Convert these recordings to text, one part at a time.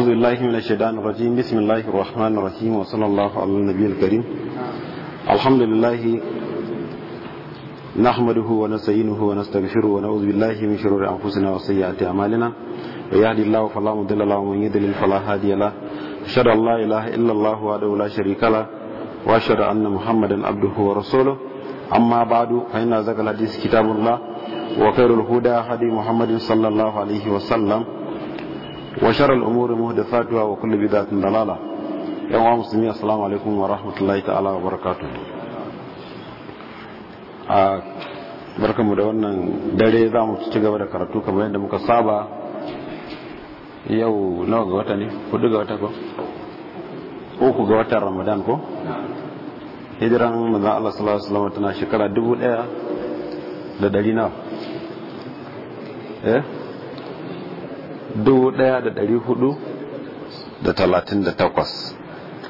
أعوذ بالله من الشيطان الرجيم بسم الله الرحمن الرحيم وصلى الله على النبي الكريم الحمد لله نحمده ونستعينه ونستغفره ونعوذ بالله من شرور أنفسنا وسيئات أعمالنا ويهدي الله فلا مضل له ومن يضلل فلا هادي له أشهد أن لا إله إلا الله وحده لا شريك له وأشهد أن محمدا عبده ورسوله أما بعد فإن ذكر الحديث كتاب الله وخير الهدى هدي محمد صلى الله عليه وسلم وشر الأمور مهدفاتها وكل بدعة ضلالة يا مسلمين السلام عليكم ورحمة الله تعالى وبركاته barkamu da wannan dare za mu ci gaba da karatu kamar yadda muka saba yau nawa ga wata ne hudu ga wata ko uku ga watan ramadan ko hijiran allah sallallahu alaihi shekara dubu dubu ɗaya da ɗari huɗu da talatin da takwas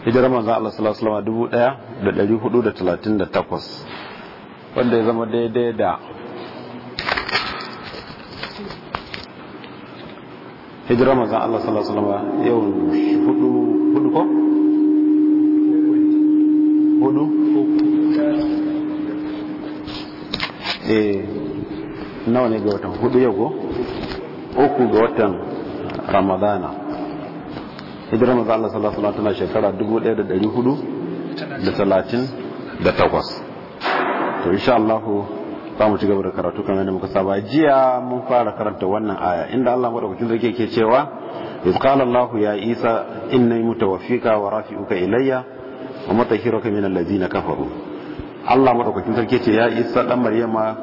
hijira manzan allah salatu salama dubu ɗaya da ɗari huɗu da talatin da takwas wanda ya zama daidai da hijira manzan allah salatu salama yau huɗu huɗu ko huɗu eh, nawa ne ga watan hudu yau go uku ga watan ramadana hijirar maza Allah sallallahu alaihi wasallam tana da 1438 to insha Allah za mu ci gaba da karatu kamar yadda muka saba jiya mun fara karanta wannan aya inda Allah kucin sarki ke cewa iz Allah ya Isa muta mutawaffika wa rafi'uka ilayya wa mutahhiruka min allazina kafaru Allah kucin sarki ce ya Isa dan Maryama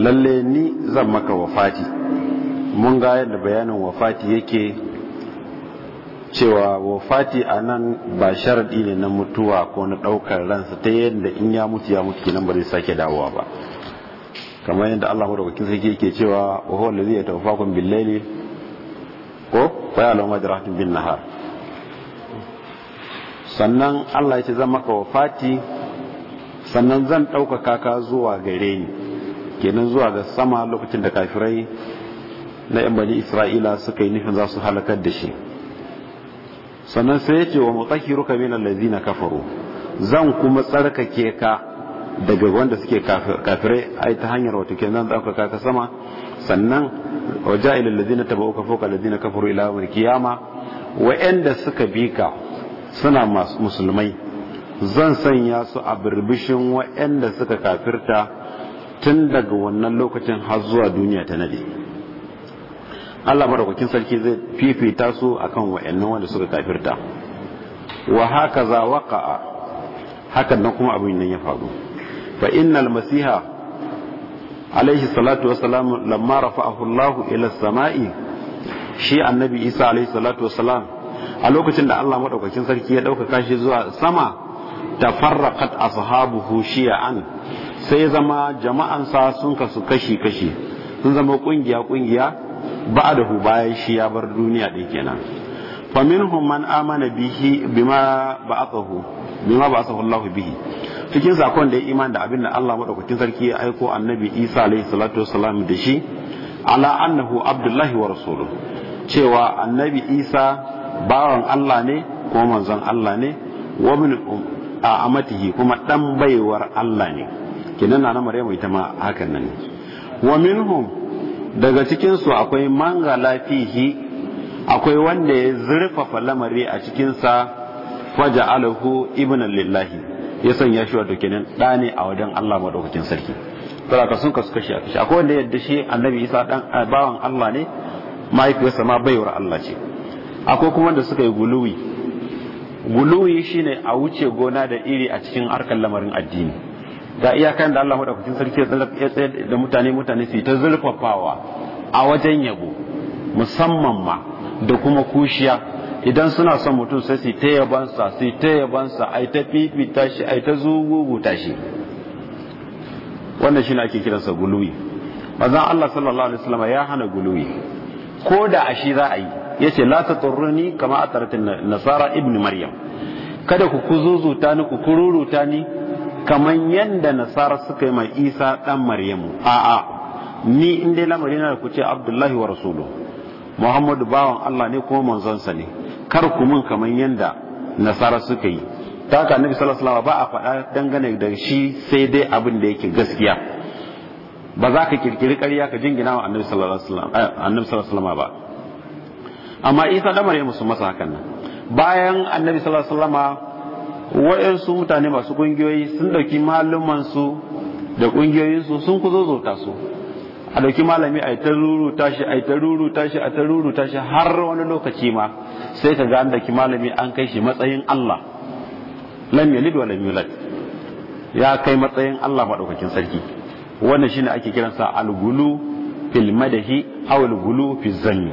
lalle ni zan maka wafati mun ga yadda bayanin wafati yake cewa wafati a nan ba sharaɗi ne na mutuwa ko na ɗaukar ransa ta yadda in ya mutu ya mutu kenan ba zai sake dawowa ba kamar yadda Allah madaukakin sarki yake cewa wa zai yi yatawaffakum bin layli ko fa ya lamma jarahtum bin nahar sannan Allah ya ce zan maka wafati sannan zan ɗaukaka ka zuwa gare ni kenan zuwa ga sama lokacin da kafirai na yan bani isra'ila suka yi nufin za su halakar da shi sannan sai ya ce wa mutahiruka min allazina kafaru zan kuma tsarkake ka daga wanda suke kafirai ai ta hanyar wato kenan tsarkaka ka sama sannan wa ja'il allazina tabauka fawqa allazina kafaru ila yawmil qiyama inda suka bi ka suna musulmai zan sanya su a birbishin inda suka kafirta tun daga wannan lokacin har zuwa duniya ta nade Allah madaukakin sarki zai fifita su akan wa'annan wanda suka kafirta wa haka za waqa'a hakan nan kuma abin nan ya faru fa innal masiha alaihi salatu wassalam lamma rafa'ahu Allah ila samai shi annabi Isa alaihi salatu wassalam a lokacin da Allah madaukakin sarki ya dauka kashi zuwa sama tafarraqat ashabuhu shi'an sai zama jama'an sa sun kasu kashi kashi sun zama kungiya kungiya ba'dahu bayan shi ya bar duniya din kenan fa minhum man amana bihi bima ba'athahu bima bihi cikin sakon da ya iman da abin da Allah madaukakin sarki ya aiko annabi Isa alaihi salatu wassalam da shi ala annahu abdullahi wa rasuluhu cewa annabi Isa bawan Allah ne kuma manzon Allah ne wa min um, amatihi kuma dan baiwar Allah ne kinan na Maryam ita ma hakan nan wa minhum daga cikinsu akwai manga lafihi akwai wanda ya zurfafa lamari a cikinsa faja alahu ibn lillahi ya sanya shi wato kenan da ne a wajen Allah madaukakin sarki saboda sun kasu kashi a kashi akwai wanda yadda shi annabi isa dan eh, bawan Allah ne mahaifiyarsa ma baiwar Allah ce akwai kuma wanda suka yi guluwi guluwi shine a wuce gona da iri a cikin harkan lamarin addini ga iyakan da Allah kucin sarki ya tsaye da mutane mutane su yi ta zurfafawa a wajen yabo musamman ma da kuma kushiya idan suna son mutum sai su ta yabansa su ta yabansa ai ta fifita shi ai ta zuguguta shi wannan ne ake kiransa guluwi mazan Allah sallallahu alaihi wasallam ya hana guluwi ko da a shi za a yi yace la tsoroni kama atarat nasara ibn maryam kada ku kuzuzuta ni ku kururuta ni kaman yanda nasara suka yi ma isa dan maryamu a'a ni in dai lamari na ku ce abdullahi wa rasulu muhammadu bawan allah ne kuma manzonsa ne kar ku mun kaman yanda nasara suka yi ta haka annabi sallallahu alaihi ba a faɗa dangane da shi sai dai abin da yake gaskiya ba za ka kirkiri ƙarya ka jingina wa annabi sallallahu alaihi wasallam eh, ba amma isa dan maryamu su masa hakan nan bayan annabi sallallahu alaihi wa'yansu mutane masu kungiyoyi sun ɗauki malumansu da kungiyoyinsu sun ku su a ɗauki malami a ta ruru tashi a ta ruru tashi a ta ruru tashi har wani lokaci ma sai ka ga an ɗauki malami an kai shi matsayin Allah lam yalid wa lam yulad ya kai matsayin Allah maɗaukakin sarki wannan shine ake kiransa al-gulu fil madahi aw al-gulu fi zanni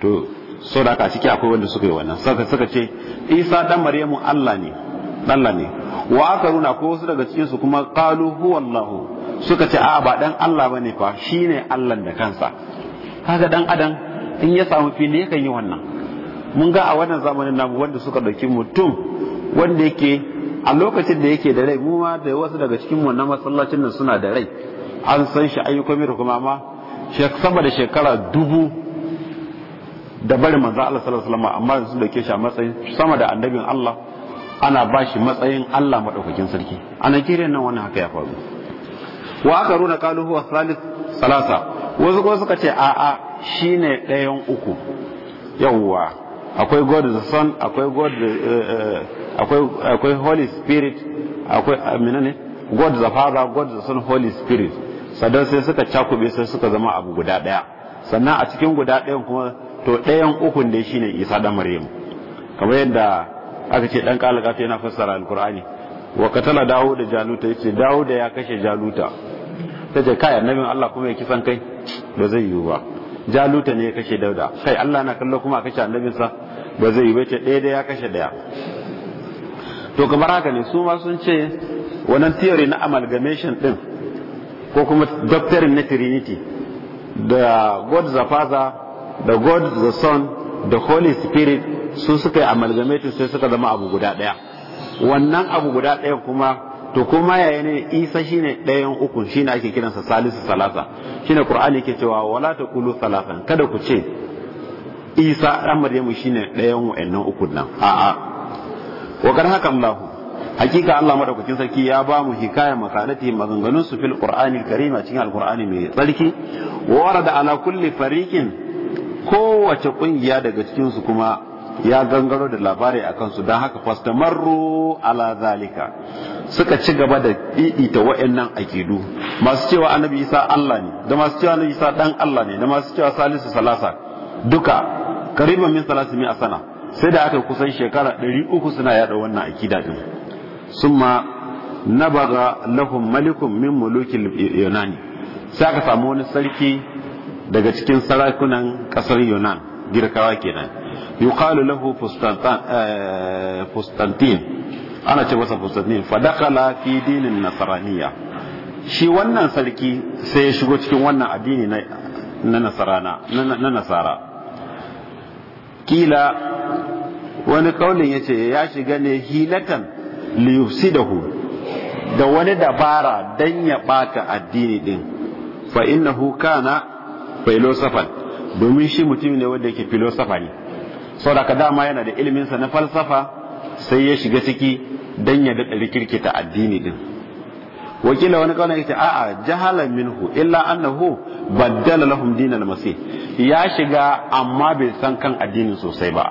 to so da aka ciki akwai wanda suka yi wannan saka suka ce isa dan maryamu allah ne allah ne wa aka runa ko wasu daga cikin su kuma qalu huwa allah suka ce a ba dan allah bane fa shine allah da kansa kaga dan adam in ya samu fili yakan yi wannan mun ga a wannan zamanin namu wanda suka dauki mutum wanda yake a lokacin da yake da rai mu ma da wasu daga cikin mu na masallacin nan suna da rai an san shi ayyukan kuma ma sama da shekara dubu da barin manzo Allah sallallahu alaihi wasallam amma sun dauke shi a matsayin sama da annabin Allah ana ba shi matsayin Allah madaukakin sarki a Najeriya nan wannan haka ya faru wa aka runa kalu huwa thalith salasa wasu kuma suka ce a a shine ɗayan uku yawwa akwai God the Son akwai God eh, eh, akwai akwai Holy Spirit akwai eh, menene God the Father God the Son Holy Spirit sadan sai suka cakube sai suka zama abu guda daya sannan a cikin guda ɗayan kuma to ɗayan ukun dai shine isa da maryam kamar yadda aka ce dan kalaka yana fassara Alƙur'ani wa katala dawo da jaluta yace dawo da ya kashe jaluta ce kai annabin Allah kuma ya kisan kai ba zai yiwu ba jaluta ne ya kashe dauda kai Allah na kallo kuma kashe sa ba zai yiwu ba ce ɗaya da ya kashe ɗaya to kamar haka ne su ma sun ce wannan theory na amalgamation din ko kuma doctrine na trinity da god the father da god the son da holy spirit su suka yi amalgamatin sai suka zama abu guda ɗaya wannan abu guda ɗaya kuma to kuma yaya ne isa shine ɗayan uku shine ake kiransa salisu salasa shine qur'ani ke cewa wala taqulu salasan kada ku ce isa dan maryamu shine ɗayan wa'annan uku nan a'a wa kar haka Allah hakika Allah madaukakin sarki ya ba mu hikaya makanati maganganun su fil qur'ani karima cikin alqur'ani mai tsarki wa warada ala kulli fariqin kowace kungiya daga cikin su kuma ya gangaro da labari a kansu don haka fastamarru ala zalika suka ci gaba da ɗiɗita wa'annan akidu masu cewa annabi isa Allah ne da masu cewa annabi isa dan Allah ne da masu cewa salisu salasa duka kariban min salasimi a sana sai da aka kusan shekara 300 suna yada wannan akida din summa nabaga lahum malikum min mulukin yunani sai aka samu wani sarki daga cikin sarakunan kasar yunan girkawa kenan yuqalu lahu eh, fustantin ana ce masa fustantin fa fi dinin nasaraniya. shi wannan sarki sai ya shigo cikin wannan addini na nasarana na nasara kila wani kaulin ya ce ya shiga ne hilatan liyufsi da wani dabara don ya bata addini din fa innahu kana filosofal domin shi mutum ne wanda yake filosofa ne saboda dama yana da iliminsa na falsafa sai ya shiga ciki dan ya daɗa rikirkita addini din wakila wani kawai yake a'a jahalan minhu illa annahu baddala lahum dinan masih ya shiga amma bai san kan addinin sosai ba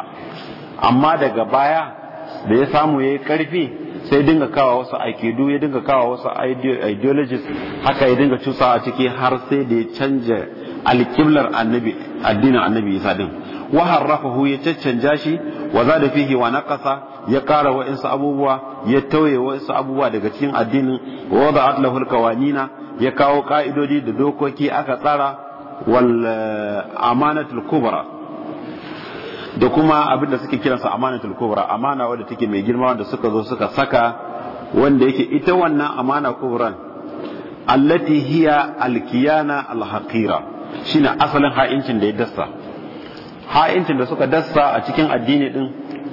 amma daga baya da ya samu yayi karfi sai dinga kawo wasu akidu ya dinga kawo wasu ideologies haka ya dinga cusa a ciki har sai da ya canja alƙiblar annabi addinin annabi isa din wa harrafahu ya caccanja shi wa zada fihi wa naqasa ya ƙara wa'insu abubuwa ya tauye wa'insu abubuwa daga cikin addinin wa wada'at lahu alqawanina ya kawo ka'idodi da dokoki aka tsara wal eh, amanatul kubra da kuma abin da suke kiransa amanatul kubra amana wadda take mai girma wanda suka zo suka saka wanda yake ita wannan amana kubran allati hiya alkiyana alhaqira shine asalin ha'incin da ya dasa ha'incin da suka dasa a cikin addini din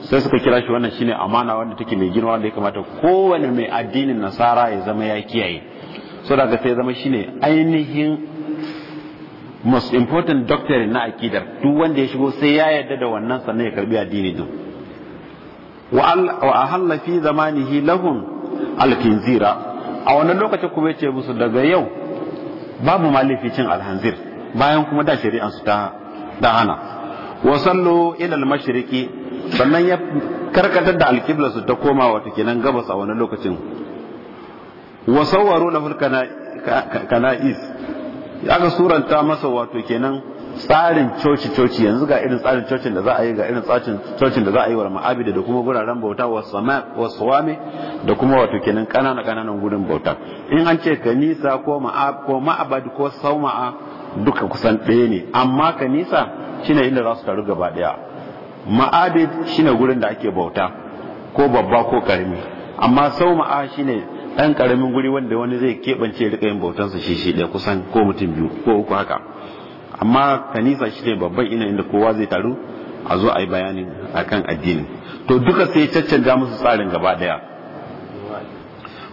sai suka kira shi wannan shine amana wanda take mai girma wanda ya kamata kowane mai addinin nasara ya zama ya kiyaye so daga sai zama shine ainihin most important doctor na akidar duk wanda ya shigo sai ya yarda da wannan sannan ya karbi addini din wa ahalla fi zamanihi lahum alkinzira a wannan lokacin kuma ce musu daga yau babu malifi cin alhanzir bayan kuma da shari'ar su ta da hana wasan sallu ila mashiriki sannan ya karkatar da alkibla su ta koma wato kenan gabas a wani lokacin wa sawwaru lahu al ya aka suranta masa wato kenan tsarin coci coci yanzu ga irin tsarin cocin da za a yi ga irin tsarin cocin da za a yi wa ma'abida da kuma guraren bauta wa suwame da kuma wato kenan kanana kananan gurin bauta in an ce kanisa ko ma'abadi ko ma'abad ko duka kusan ɗaya ne amma kanisa shine inda za su taru gaba ɗaya ma'abid shine gurin da ake bauta ko babba ko karami amma sauma'a shine ɗan karamin guri wanda wani zai keɓance rika yin bautansa shi shi ɗaya kusan ko mutum biyu ko uku haka amma kanisa shi ne babban ina inda kowa zai taru a zo a yi bayanin kan addinin to duka sai caccanga musu tsarin gaba daya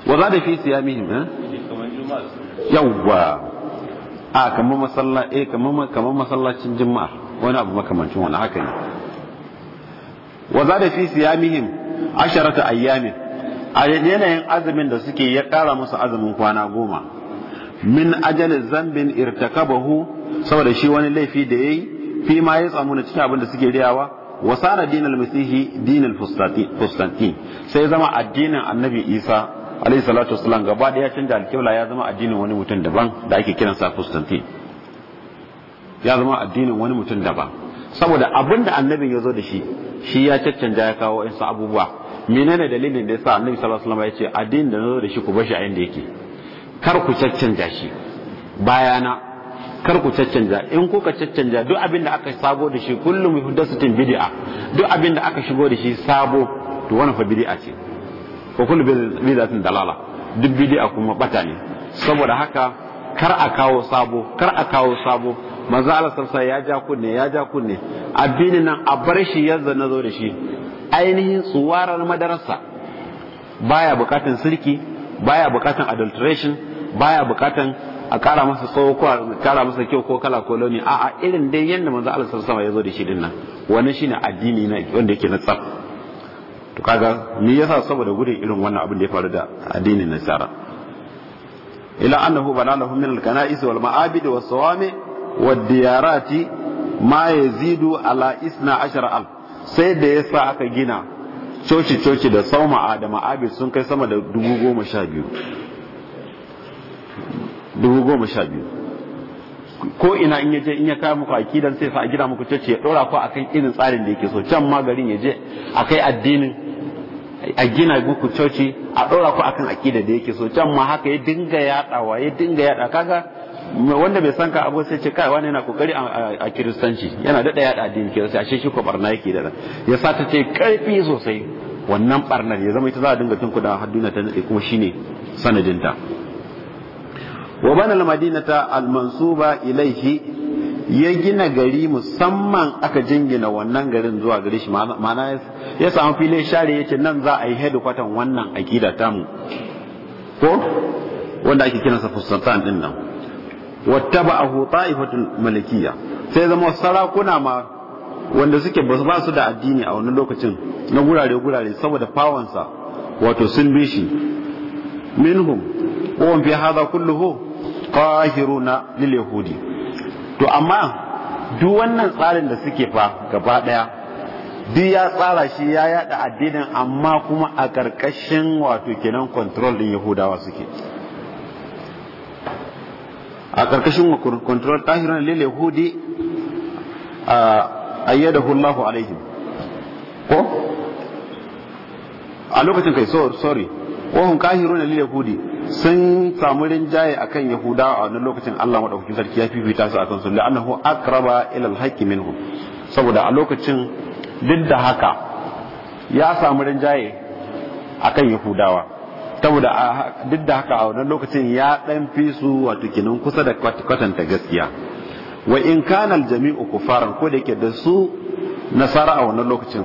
wa za da fi mihim ha eh? yawwa a kamar masalla eh kamar kamar masallacin juma'a wani abu makamancin wani haka ne wa za da fi siyamihim asharata ayyamin a yanayin azumin da suke ya kara musu azumin kwana goma min ajalin zambin irtakabahu saboda shi wani laifi da yayi fi ma ya tsamu na cikin abin da suke riyawa wa sara dinal masihi dinal fustantin sai zama addinin annabi isa alayhi salatu wasalam gaba da ya canja alkibla ya zama addinin wani mutum daban da ake kiransa fustantin ya zama addinin wani mutum daban saboda abin da annabin ya zo da shi shi ya caccanja ya kawo insa abubuwa menene dalilin da yasa annabi sallallahu alaihi wasallam ya ce addinin da na zo da shi ku bashi a inda yake kar ku caccanja shi bayana kar ku caccanja in kuka caccanja duk abin da aka sabo da shi kullum muhdathatin bid'a duk abin da aka shigo da shi sabo to wannan fa bid'a ce ko kullu bid'atin dalala duk bid'a kuma bata ne saboda haka kar a kawo sabo kar a kawo sabo manzo Allah sarsa ya ja kunne ya ja kunne addinin nan a bar shi yadda na zo da shi ainihin tsuwarar madarasa baya bukatan sirki baya bukatan adulteration baya bukatan a kara masa tsawo ko a kara masa kyau ko kala ko launi a'a irin dai yanda manzo Allah sallallahu alaihi wasallam ya zo da shi dinnan wannan shine addini na wanda yake na tsaf to kaga ni yasa saboda gudun irin wannan abin da ya faru da addinin nasara ila annahu bana min al-kana'is wal ma'abid was sawami wad diyarati ma yazidu ala isna ashara al sai da yasa aka gina coci coci da sauma da ma'abid sun kai sama da dubu goma sha biyu dubu goma sha biyu ko ina in yaje in ya kawo muku akidan sai sa a gina muku cece ya dora ku akan irin tsarin da yake so can ma garin ya je akai addinin a gina muku coci a dora ku akan akida da yake so can ma haka ya dinga yadawa ya dinga yada kaga wanda bai san ka abu sai ce kai wani yana kokari a kiristanci yana dada yada addinin kiristanci ashe shi ko barna yake da ya sa ta ce karfi sosai wannan barnar ya zama ita za a dinga tunkuda har duniya ta nade kuma shine sanadinta wa bana al-madinata al-mansuba ilaihi ya gina gari musamman aka jingina wannan garin zuwa gari shi ma'ana ya samu filin share yace nan za a yi hedikwatan wannan akida mu. ko wanda ake kiransa fustatan din nan wattaba'ahu ta'ifatul malikiyya sai zama sarakuna ma wanda suke ba su da addini a wannan lokacin na gurare gurare saboda fawansa wato sun bi shi minhum wa fi hadha kulluhu qahiruna lil yahudi to amma duk wannan tsarin da suke fa gaba daya duk ya tsara shi ya yada addinin amma kuma a karkashin wato kenan control din yahudawa suke a karkashin control qahiruna lil yahudi ayyadahu Allahu alaihim ko a lokacin kai sorry wahun kahiruna lil yahudi sun samu rinjaye akan yahuda a wannan lokacin Allah madaukakin sarki ya fifita su akan su annahu aqraba ila alhaqi minhum saboda a lokacin duk da haka ya samu rinjaye akan yahudawa saboda duk da haka a wannan lokacin ya dan fi su wato kinan kusa da kwatanta gaskiya wa in kana aljami'u kufaran ko da yake da su nasara a wannan lokacin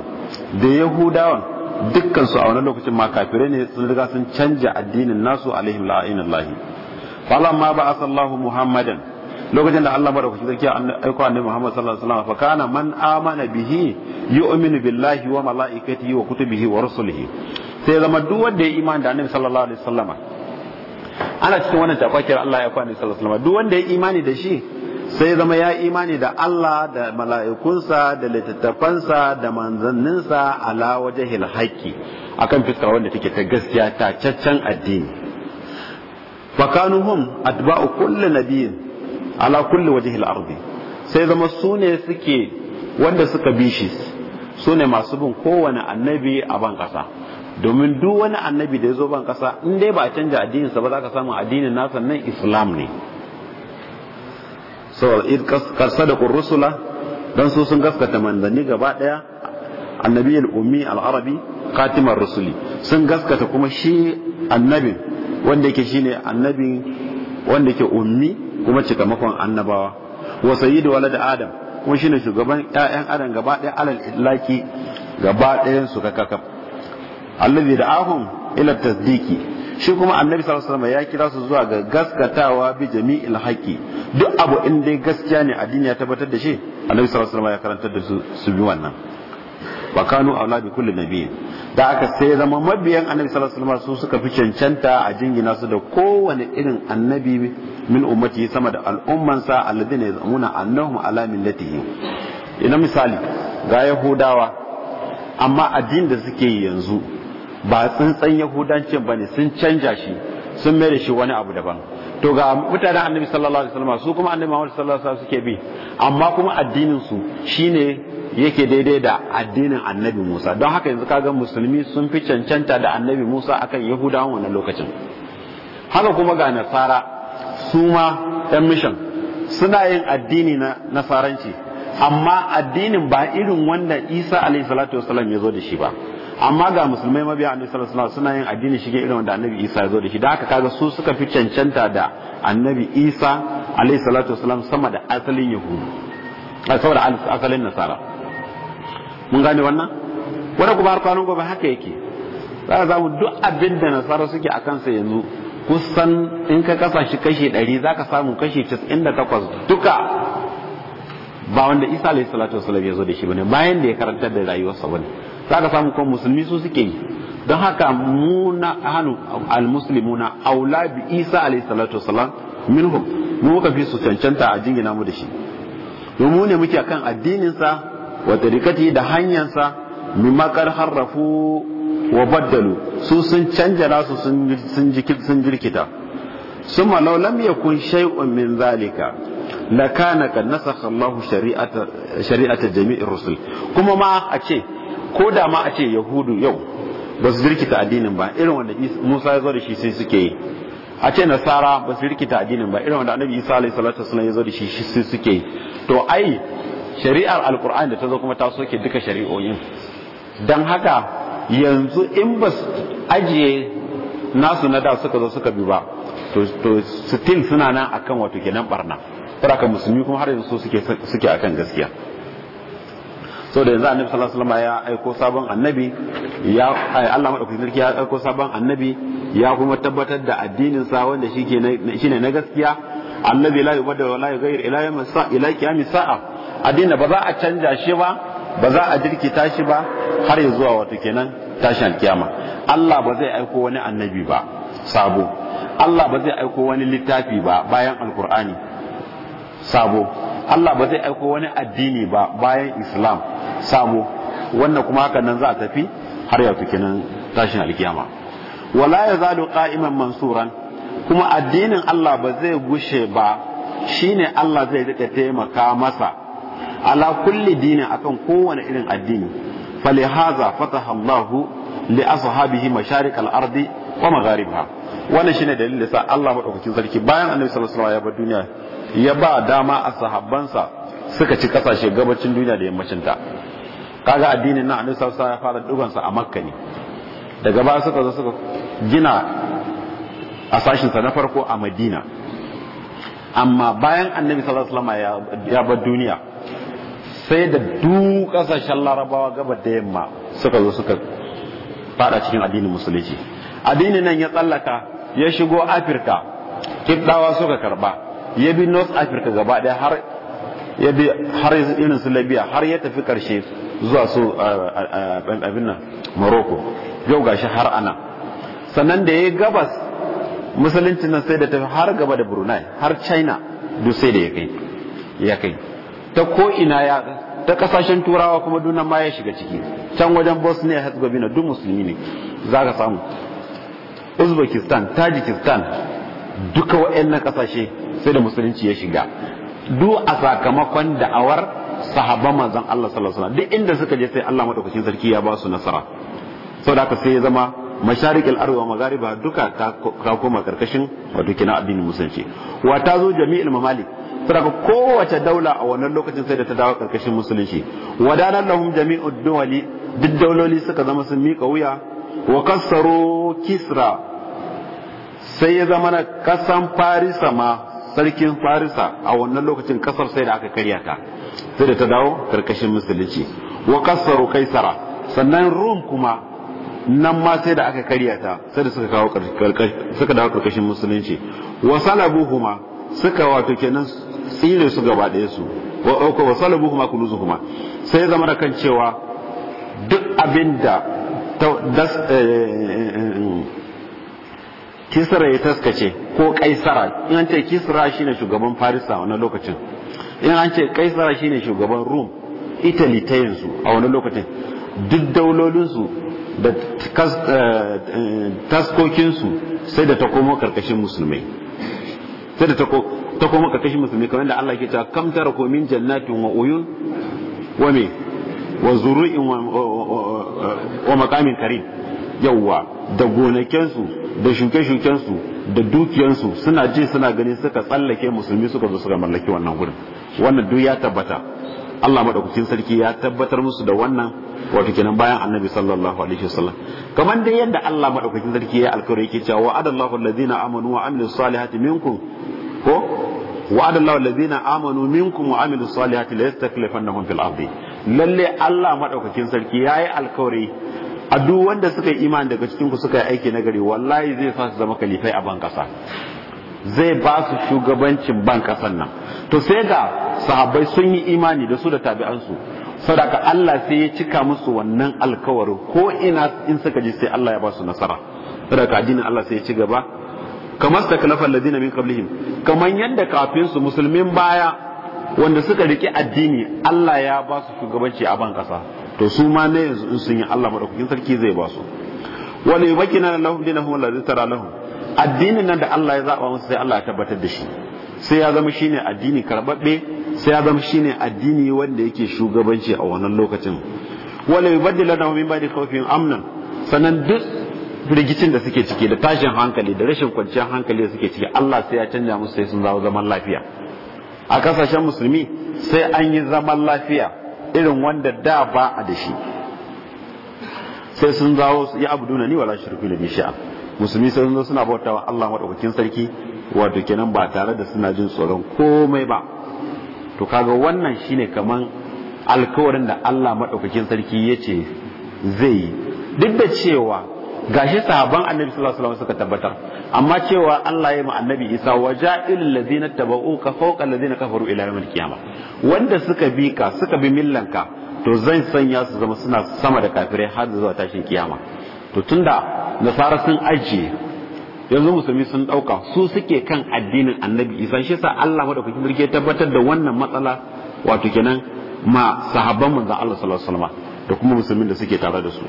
da yahudawan dukkan su a wannan lokacin ma kafirai ne sun riga sun canja addinin nasu alaihim la'inallahi ma ba asallahu muhammadan lokacin da Allah madaukaki zaki aiko annabi Muhammad sallallahu alaihi wasallam fa kana man amana bihi yu'minu billahi wa malaikatihi wa kutubihi wa rusulihi sai zama duk wanda ya imani da annabi sallallahu alaihi wasallam ana cikin wannan takwakiyar Allah ya aiko annabi sallallahu alaihi wasallam duk wanda ya imani da shi sai zama ya imani da Allah da mala'ikunsa da littattafansa da manzanninsa ala hilhaki a akan fiska wanda take ta gaskiya ta caccan addini fakanuhum atba'u na nabiyin ala kulle wajen ardi sai zama su ne suke wanda suka bi shi su ne masu bin kowane annabi a ban kasa domin duk wani annabi da ya zo ban kasa in dai ba a canja addininsa ba za ka samu addinin nasa nan islam ne so id da rusula dan su sun gaskata manzanni gaba daya annabi al-ummi al-arabi qatimar rusuli sun gaskata kuma shi annabin wanda yake shine annabi wanda yake ummi kuma cikamakon annabawa wa sayyidu walad adam kuma shine shugaban ƴaƴan adam gaba daya alal ilaki gaba dayan su kakakam da da'ahum ila tasdiki shi kuma annabi sallallahu alaihi wasallam ya kira su zuwa ga gaskatawa bi jami'il haqqi duk abu in dai gaskiya ne addini ya tabbatar da shi annabi sallallahu alaihi wasallam ya karantar da su su bi wannan wa kanu aula bi kulli nabiyyin da aka sai zama mabiyan annabi sallallahu alaihi wasallam su suka fi cancanta a jingina su da kowane irin annabi min ummati sama da al'ummansa alladhina yazamuna annahum ala millatihi ina misali ga yahudawa amma addinin da suke yanzu ba tsintsan yahudancin bane sun canja shi sun mai da shi wani abu daban to ga mutanen annabi sallallahu alaihi wasallam su kuma annabi Muhammad sallallahu alaihi wasallam suke bi amma kuma addinin su shine yake daidai da addinin annabi Musa don haka yanzu kaga musulmi sun fi cancanta da annabi Musa akan yahudawan wannan lokacin haka kuma ga nasara su ma yan mishan suna yin addini na nasaranci amma addinin ba irin wanda Isa alaihi salatu wasallam ya zo da shi ba amma ga musulmai mabiya annabi sallallahu alaihi wasallam suna yin addini shige irin wanda annabi Isa ya zo da shi da haka kaga su suka fi cancanta da annabi Isa alaihi salatu wasallam sama da asalin yahudu a saboda asalin nasara mun gane wannan wanda kuma har gobe haka yake za a samu duk abin da nasara suke a kansa yanzu kusan in ka kasa shi kashe ɗari za ka samu kashe casa'in da takwas duka ba wanda isa alaihi salatu wasallam ya zo da shi bane bayan da ya karantar da rayuwarsa bane zaka samu ko musulmi su suke yi don haka mu na hannu almuslimuna aula bi isa alayhi salatu wasalam minhum mu muka fi su cancanta a jingina mu da shi mu ne muke kan addinin sa wa tarikati da hanyar sa makar harrafu wa baddalu su sun canja su sun jirkita sun malau lam yakun shay'un min zalika la kana kan nasakha Allah shari'ata jami'ir rusul kuma ma a ce ko da ma a ce yahudu yau ba su jirkita addinin ba irin wanda musa ya zo da shi sai suke yi a ce nasara ba su rikita addinin ba irin wanda annabi isa alaihi salatu wasallam ya zo da shi sai suke yi to ai shari'ar alkur'ani da ta zo kuma ta soke duka shari'o'in don haka yanzu in ba su ajiye nasu na da suka zo suka bi ba to still suna nan akan wato kenan barna saboda musulmi kuma har yanzu suke akan gaskiya so da yanzu annabi sallallahu alaihi wasallam ya aiko sabon annabi ya Allah madaukakin sarki ya aiko sabon annabi ya kuma tabbatar da addinin sa wanda shike shine na gaskiya annabi la yubadda wa la yughayyir ila yawm sa ila qiyamis sa'a addinin ba za a canja shi ba ba za a jirkita shi ba har ya zuwa wato kenan tashin alkiyama Allah ba zai aiko wani annabi ba sabo Allah ba zai aiko wani littafi ba bayan alkur'ani sabo Allah ba zai aiko wani addini ba bayan Islam samu wannan kuma hakan nan za a tafi har ya tuki nan tashin alkiyama wala ya zalu qa'iman mansuran kuma addinin Allah ba zai gushe ba shine Allah zai dade taimaka masa ala kulli dinin akan kowane irin addini falihaza fataha Allah li ashabihi masharik al-ardi wa magharibha. wannan shine dalilin da sa Allah madaukakin sarki bayan Annabi sallallahu alaihi wasallam ya bar duniya ya ba dama a sahabbansa suka ci kasashe gabacin duniya da yammacin ta kaga addinin na annabi sallallahu ya fara sa a makka ne daga ba suka zo suka gina a sa na farko a madina amma bayan annabi sallallahu alaihi ya bar duniya sai da duk kasashen larabawa gaba da yamma suka zo suka fada cikin addinin musulunci addinin nan ya tsallaka ya shigo afirka kibdawa suka karba ya bi north africa gaba daya har ya bi har irin su labiya har ya tafi karshe zuwa su abin nan morocco yau gashi har ana sannan da ya gabas musulunci nan sai da tafi har gaba da brunei har china duk sai da ya kai ya kai ta ko ina ya ta kasashen turawa kuma dunan ma ya shiga ciki can wajen bosnia herzegovina duk musulmi ne za ka samu uzbekistan tajikistan duka wa'annan kasashe sai da musulunci ya shiga du a sakamakon da'awar sahaba manzon Allah sallallahu alaihi duk inda suka je sai Allah madaukakin sarki ya ba su nasara da haka sai ya zama masharikin ardi wa duka ta koma karkashin wato kina addinin musulunci wa ta zo jami'il mamalik saboda kowace daula a wannan lokacin sai da ta dawo karkashin musulunci wadanan lahum jami'ud duwali duk dauloli suka zama sun mika wuya wa kasaro kisra sai ya zama na kasan farisa ma sarkin farisa a wannan lokacin kasar sai da aka karya ta sai da ta dawo karkashin musulunci wa kasaru kaisara sannan rum kuma nan ma sai da aka karya ta sai da suka kawo suka dawo karkashin musulunci wa salabu kuma suka wato kenan tsire su gaba ɗaya su wa wa salabu kuma kunuzu kuma sai zama da kan cewa duk abinda kisra ya taskace ko kaisara in an ce kisra shine shugaban farisa a wani lokacin in an ce kaisara shine shugaban rum italy ta yanzu a wani lokacin duk daulolinsu da eh, taskokinsu sai da ta komo karkashin musulmai sai da ta komo karkashin musulmai kamar da Allah ke cewa kam tara ko min jannatin wa uyun wa me wa zuru'in wa maqamin karim yawwa da gonakinsu da shuke-shukensu da dukiyansu suna ji suna gani suka tsallake musulmi suka zo suka mallaki wannan gudun wannan duk ya tabbata Allah madaukakin sarki ya tabbatar musu da wannan wato kenan bayan annabi sallallahu alaihi wasallam kamar dai yadda Allah madaukakin sarki ya alkawari yake cewa wa'adallahu allazina amanu wa amilus salihati minkum ko wa'adallahu allazina amanu minkum wa amilus salihati la yastaklifannahum fil ardi lalle Allah madaukakin sarki yayi alkawari a duk wanda suka yi imani daga cikin ku suka yi aiki na gari wallahi zai sa su zama kalifai a ban kasa zai ba su shugabancin ban kasan nan to sai ga sahabbai sun yi imani da su da tabi'ansu sadaka Allah sai ya cika musu wannan alkawarin ko ina in suka ji sai Allah ya ba su nasara sadaka addinin Allah sai ya ci gaba kamar kalafa alladina min qablihim kamar yadda kafin su musulmin baya wanda suka rike addini Allah ya ba su shugabanci a ban kasa to su ma ne yanzu in sun yi Allah madaukakin sarki zai ba su wala yubakina lahum huwa allazi tara lahum addinin nan da Allah ya zaba musu sai Allah ya tabbatar da shi sai ya zama shine addini karbabbe sai ya zama shine addini wanda yake shugabanci a wannan lokacin wala yubaddila lahum min ba'di khawfihim amnan sanan duk firgicin da suke ciki da tashin hankali da rashin kwanciyar hankali da suke ciki Allah sai ya canja musu sai sun zama zaman lafiya a kasashen musulmi sai an yi zaman lafiya irin wanda da ba a da shi sai sun zawo su abu duna ni wala shirku da bisha musulmi sai sun zo suna bautawa Allah madaukakin sarki wato kenan ba tare da suna jin tsoron komai ba to kaga wannan shine kaman alkawarin da Allah maɗaukakin sarki yace zai yi duk da cewa gashi sahaban annabi sallallahu alaihi wasallam suka tabbatar amma cewa Allah ya yi annabi Isa wa ja'il ladina tabauka fawqa ladina kafaru ila yawmil qiyamah wanda suka bi ka suka bi millanka to zan sanya su zama suna sama da kafirai har zuwa tashin kiyama to tunda nasara sun ajiye yanzu musulmi sun dauka su suke kan addinin annabi Isa shi yasa Allah madaukakin sarki tabbatar da wannan matsala wato kenan ma sahabban manzon Allah sallallahu alaihi wasallam da kuma musulmin da suke tare da su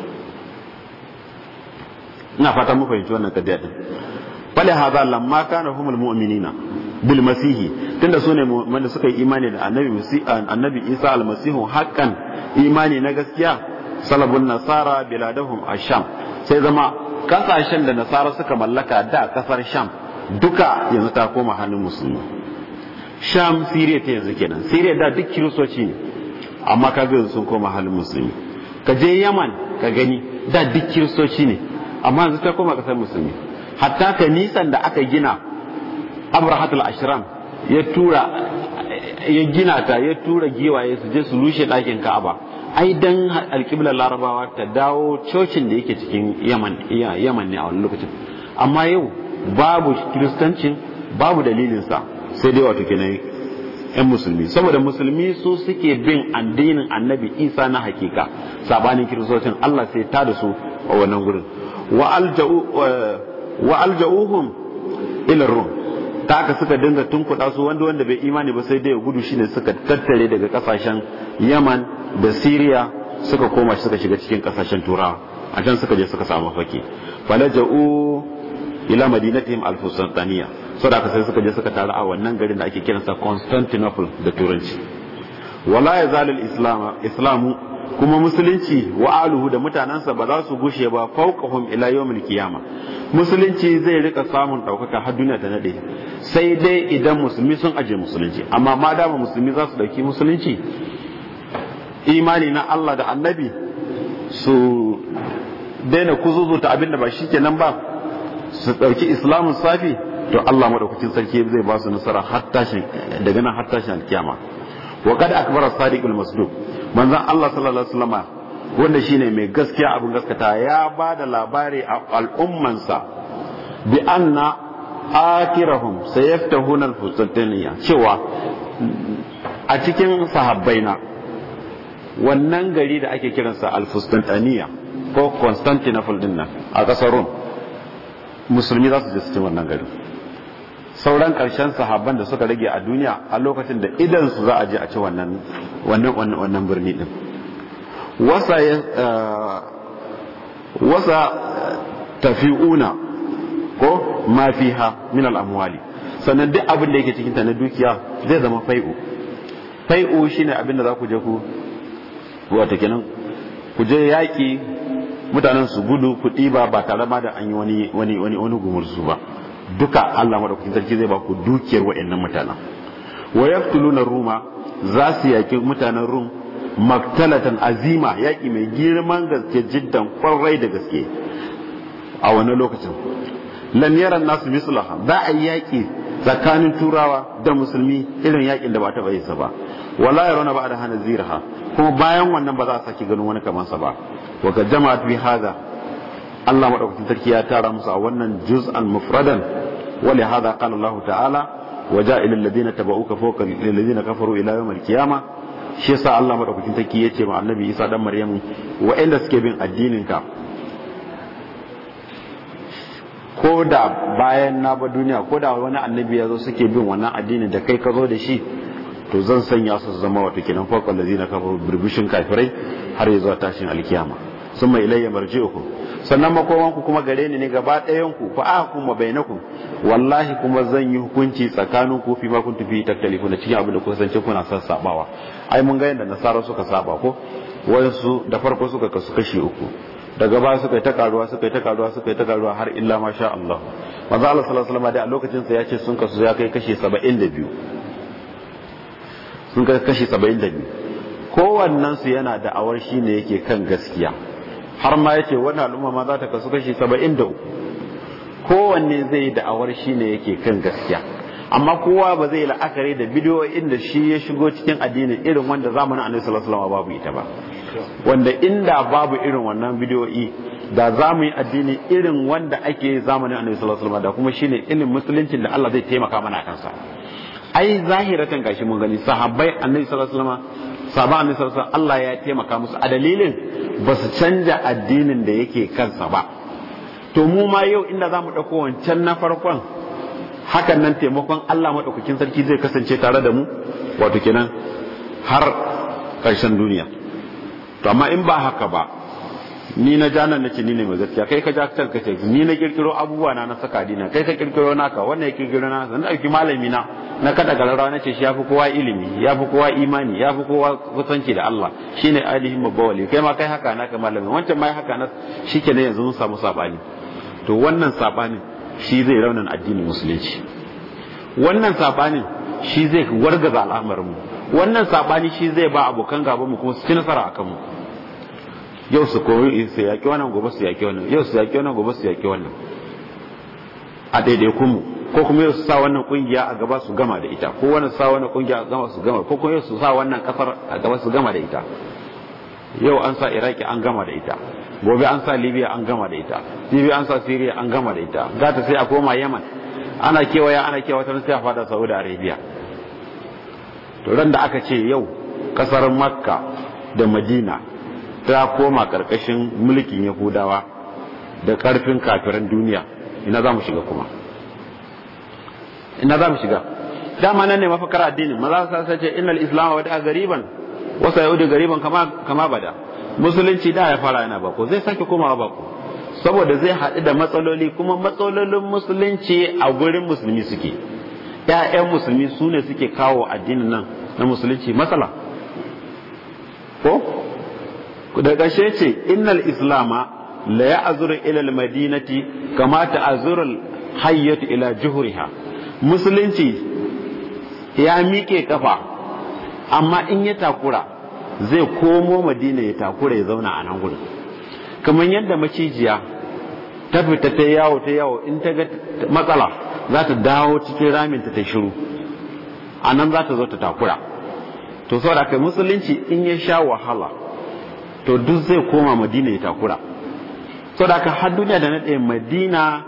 ina fatan mu fahimci wannan kadiya din fali hadha lamma kana humul mu'minina bil masih tunda sune ne wanda suka yi imani da annabi annabi Isa al masih haqqan imani na gaskiya salabun nasara biladuhum asham sai zama kasashen da nasara suka mallaka da kasar sham duka yanzu ta koma hannun musulmi sham siriya ta yanzu kenan siriya da duk kirisoci ne amma ka yanzu sun koma hannun musulmi ka je yaman ka gani da duk kiristoci ne amma yanzu ta koma kasar musulmi hatta kanisan da aka gina abrahatul ashram ya tura ya gina ta ya tura giwaye su je su lushe ɗakin ka'aba ai dan alƙibla larabawa ta dawo cocin da yake cikin yaman yaman ne a wani lokacin amma yau babu kiristancin babu dalilinsa sai dai wato kenan yan musulmi saboda musulmi su suke bin addinin annabi isa na hakika sabanin kiristocin allah sai ta da su a wannan gurin wa alja'uhum ila rum ta haka suka dinga tunkuɗa su wanda wanda bai imani ba sai dai gudu shine suka tattare daga kasashen yaman da siriya suka koma suka shiga cikin kasashen turawa a can suka je suka samu fake falaja'u ila madinatihim al-fustantaniya saboda aka sai suka je suka tara a wannan garin da ake kiransa Constantinople da turanci wala zalil islamu kuma musulunci wa aluhu da mutanansa ba za su gushe ba fawqahum ila yawmil qiyama musulunci zai rika samun daukaka har duniya ta nade sai dai idan musulmi sun aje musulunci amma ma da musulmi za su dauki musulunci imani na Allah da annabi su daina kuzuzuta abin da ba shi kenan ba su dauki islamun safi to Allah madaukakin sarki zai ba su nasara daga nan hatta shi alkiyama wa kad akbara sadiqul masduq manzon Allah sallallahu alaihi wasallama wanda shine mai gaskiya abin gaskata ya ba da labari a al'ummansa bi anna akirahum sayaftahuna al-fustaniya cewa a cikin sahabbaina wannan gari da ake kiransa al-fustaniya ko Constantinople din nan a kasar rum musulmi za su je cikin wannan gari sauran karshen sahabban da suka rage a duniya a lokacin da idan su za a je a ci wannan wannan wannan birni din wasa eh, wasa tafi'una ko ma fiha min al-amwali sannan duk abin da yake cikin ta na dukiya zai zama fai'u fai'u shine abin da za ku je ku wata kenan ku je yaki mutanen su gudu kuɗi ɗiba ba tare ma da an yi wani wani ba duka Allah madaukakin sarki zai ba ku dukiyar wa'annan mutanen wa yaqtuluna ruma za su yaki mutanen rum maktalatan azima yaki mai girman gaske jiddan kwarai da gaske a wani lokacin lan yara nasu mislaha za a yaki tsakanin turawa da musulmi irin yakin da ba ta sa ba wala yarawna ba da hana ziraha kuma bayan wannan ba za a saki ganin wani kamar sa ba wa jama'at bi hada Allah madaukakin sarki ya tara musu a wannan juz'an mufradan ولهذا قال الله تعالى وجاء الذين تبعوك فوق الذين كفروا الى يوم القيامه shi sa Allah madaukakin ya ce ma Annabi Isa dan Maryamu wa'anda suke bin addinin ka ko da bayan na ba duniya ko da wani annabi ya zo suke bin wannan addinin da kai ka zo da shi to zan sanya su zama wata kenan fakon da na kafa birbishin kafirai har ya zuwa tashin alkiyama mai ilayya uku sannan makomanku kuma gare ni ne gaba a kuma fa na ku. wallahi kuma zan yi hukunci tsakanin ku fi ma kuntum fi tattalifuna cikin abin da kuka san kuna son sabawa ai mun ga yanda nasara suka saba ko wayansu da farko suka kasu kashi uku daga ba suka yi ta karuwa suka yi ta karuwa suka yi ta karuwa har illa ma sha Allah manzo Allah sallallahu alaihi wasallam da a lokacin sa ce sun kasu ya kai kashi 72 sun kai kashi 72 kowannen yana da awar shine yake kan gaskiya har ma yace wannan al'umma ma za ta kasu kashi 73 kowanne zai da'awar shi ne yake kan gaskiya amma kowa ba zai la'akari da bidiyo da shi ya shigo cikin addinin irin wanda zamanin annabi sallallahu alaihi wasallam babu ita ba wanda inda babu irin wannan bidiyoyi da za mu yi addini irin wanda ake zamanin annabi sallallahu alaihi wasallam da kuma shine ilimin musulunci da Allah zai taimaka mana kansa ai zahiratan gashi mun gani sahabbai annabi sallallahu alaihi wasallam saba annabi sallallahu Allah ya taimaka musu a dalilin ba su canja addinin da yake kansa ba to mu ma yau inda zamu ɗauko wancan na farkon hakan nan taimakon Allah madaukakin sarki zai kasance tare da mu wato kenan har karshen duniya to amma in ba haka ba ni na janar na ce ni ne mai gaskiya kai ka ja can ce ni na kirkiro abubuwa na na saka dina kai ka kirkiro naka wannan ya kirkiro na zan dauki malami na na kada galara ce shi yafi kowa ilimi yafi kowa imani yafi kowa kusanci da Allah shine alihi mabawali kai ma kai haka ka malami wancan ma haka na shikenan yanzu mun samu sabani to wannan sabani shi zai raunin addinin musulunci wannan sabani shi zai wargaza al'amarin mu wannan sabani shi zai ba abokan gaban mu kuma su ci nasara akan mu yau su koyi su yaƙi wannan gobe su yaƙi wannan yau su yaƙi wannan gobe su yaƙi wannan a daidai mu ko kuma yau su sa wannan kungiya a gaba su gama da ita ko wannan sa wannan kungiya a gaba su gama ko kuma yau su sa wannan kasar a gaba su gama da ita yau an sa iraki an gama da ita gobe an sa libya an gama da ita jibi an sa syria an gama da ita za ta sai a koma yaman ana kewaya ana kewata sai a fada saudi arabia to ran da aka ce yau kasar makka da madina ta koma karkashin mulkin yahudawa da karfin kafiran duniya ina za mu shiga kuma ina za mu shiga dama nan ne mafakar addinin maza su sa ce innal islam wa da gariban wa sayudu gariban kama kama bada musulunci da ya fara yana bako zai sake komawa bako saboda zai haɗu da matsaloli kuma matsalolin musulunci a gurin musulmi suke ƴaƴan musulmi su ne suke kawo addinin nan na musulunci matsala ko da gashe ce innal islama la ya'zuru ila al-madinati kama ta'zuru al-hayyatu ila juhriha musulunci ya miƙe kafa amma in ya takura zai komo madina ya takura ya zauna a nan gurin kamar yadda macijiya ta fita ta yawo ta yawo in ta ga matsala za ta dawo cikin raminta ta shiru a nan za ta zo ta takura to saboda kai musulunci in ya sha wahala to duk zai koma madina ya takura so da har duniya da naɗe madina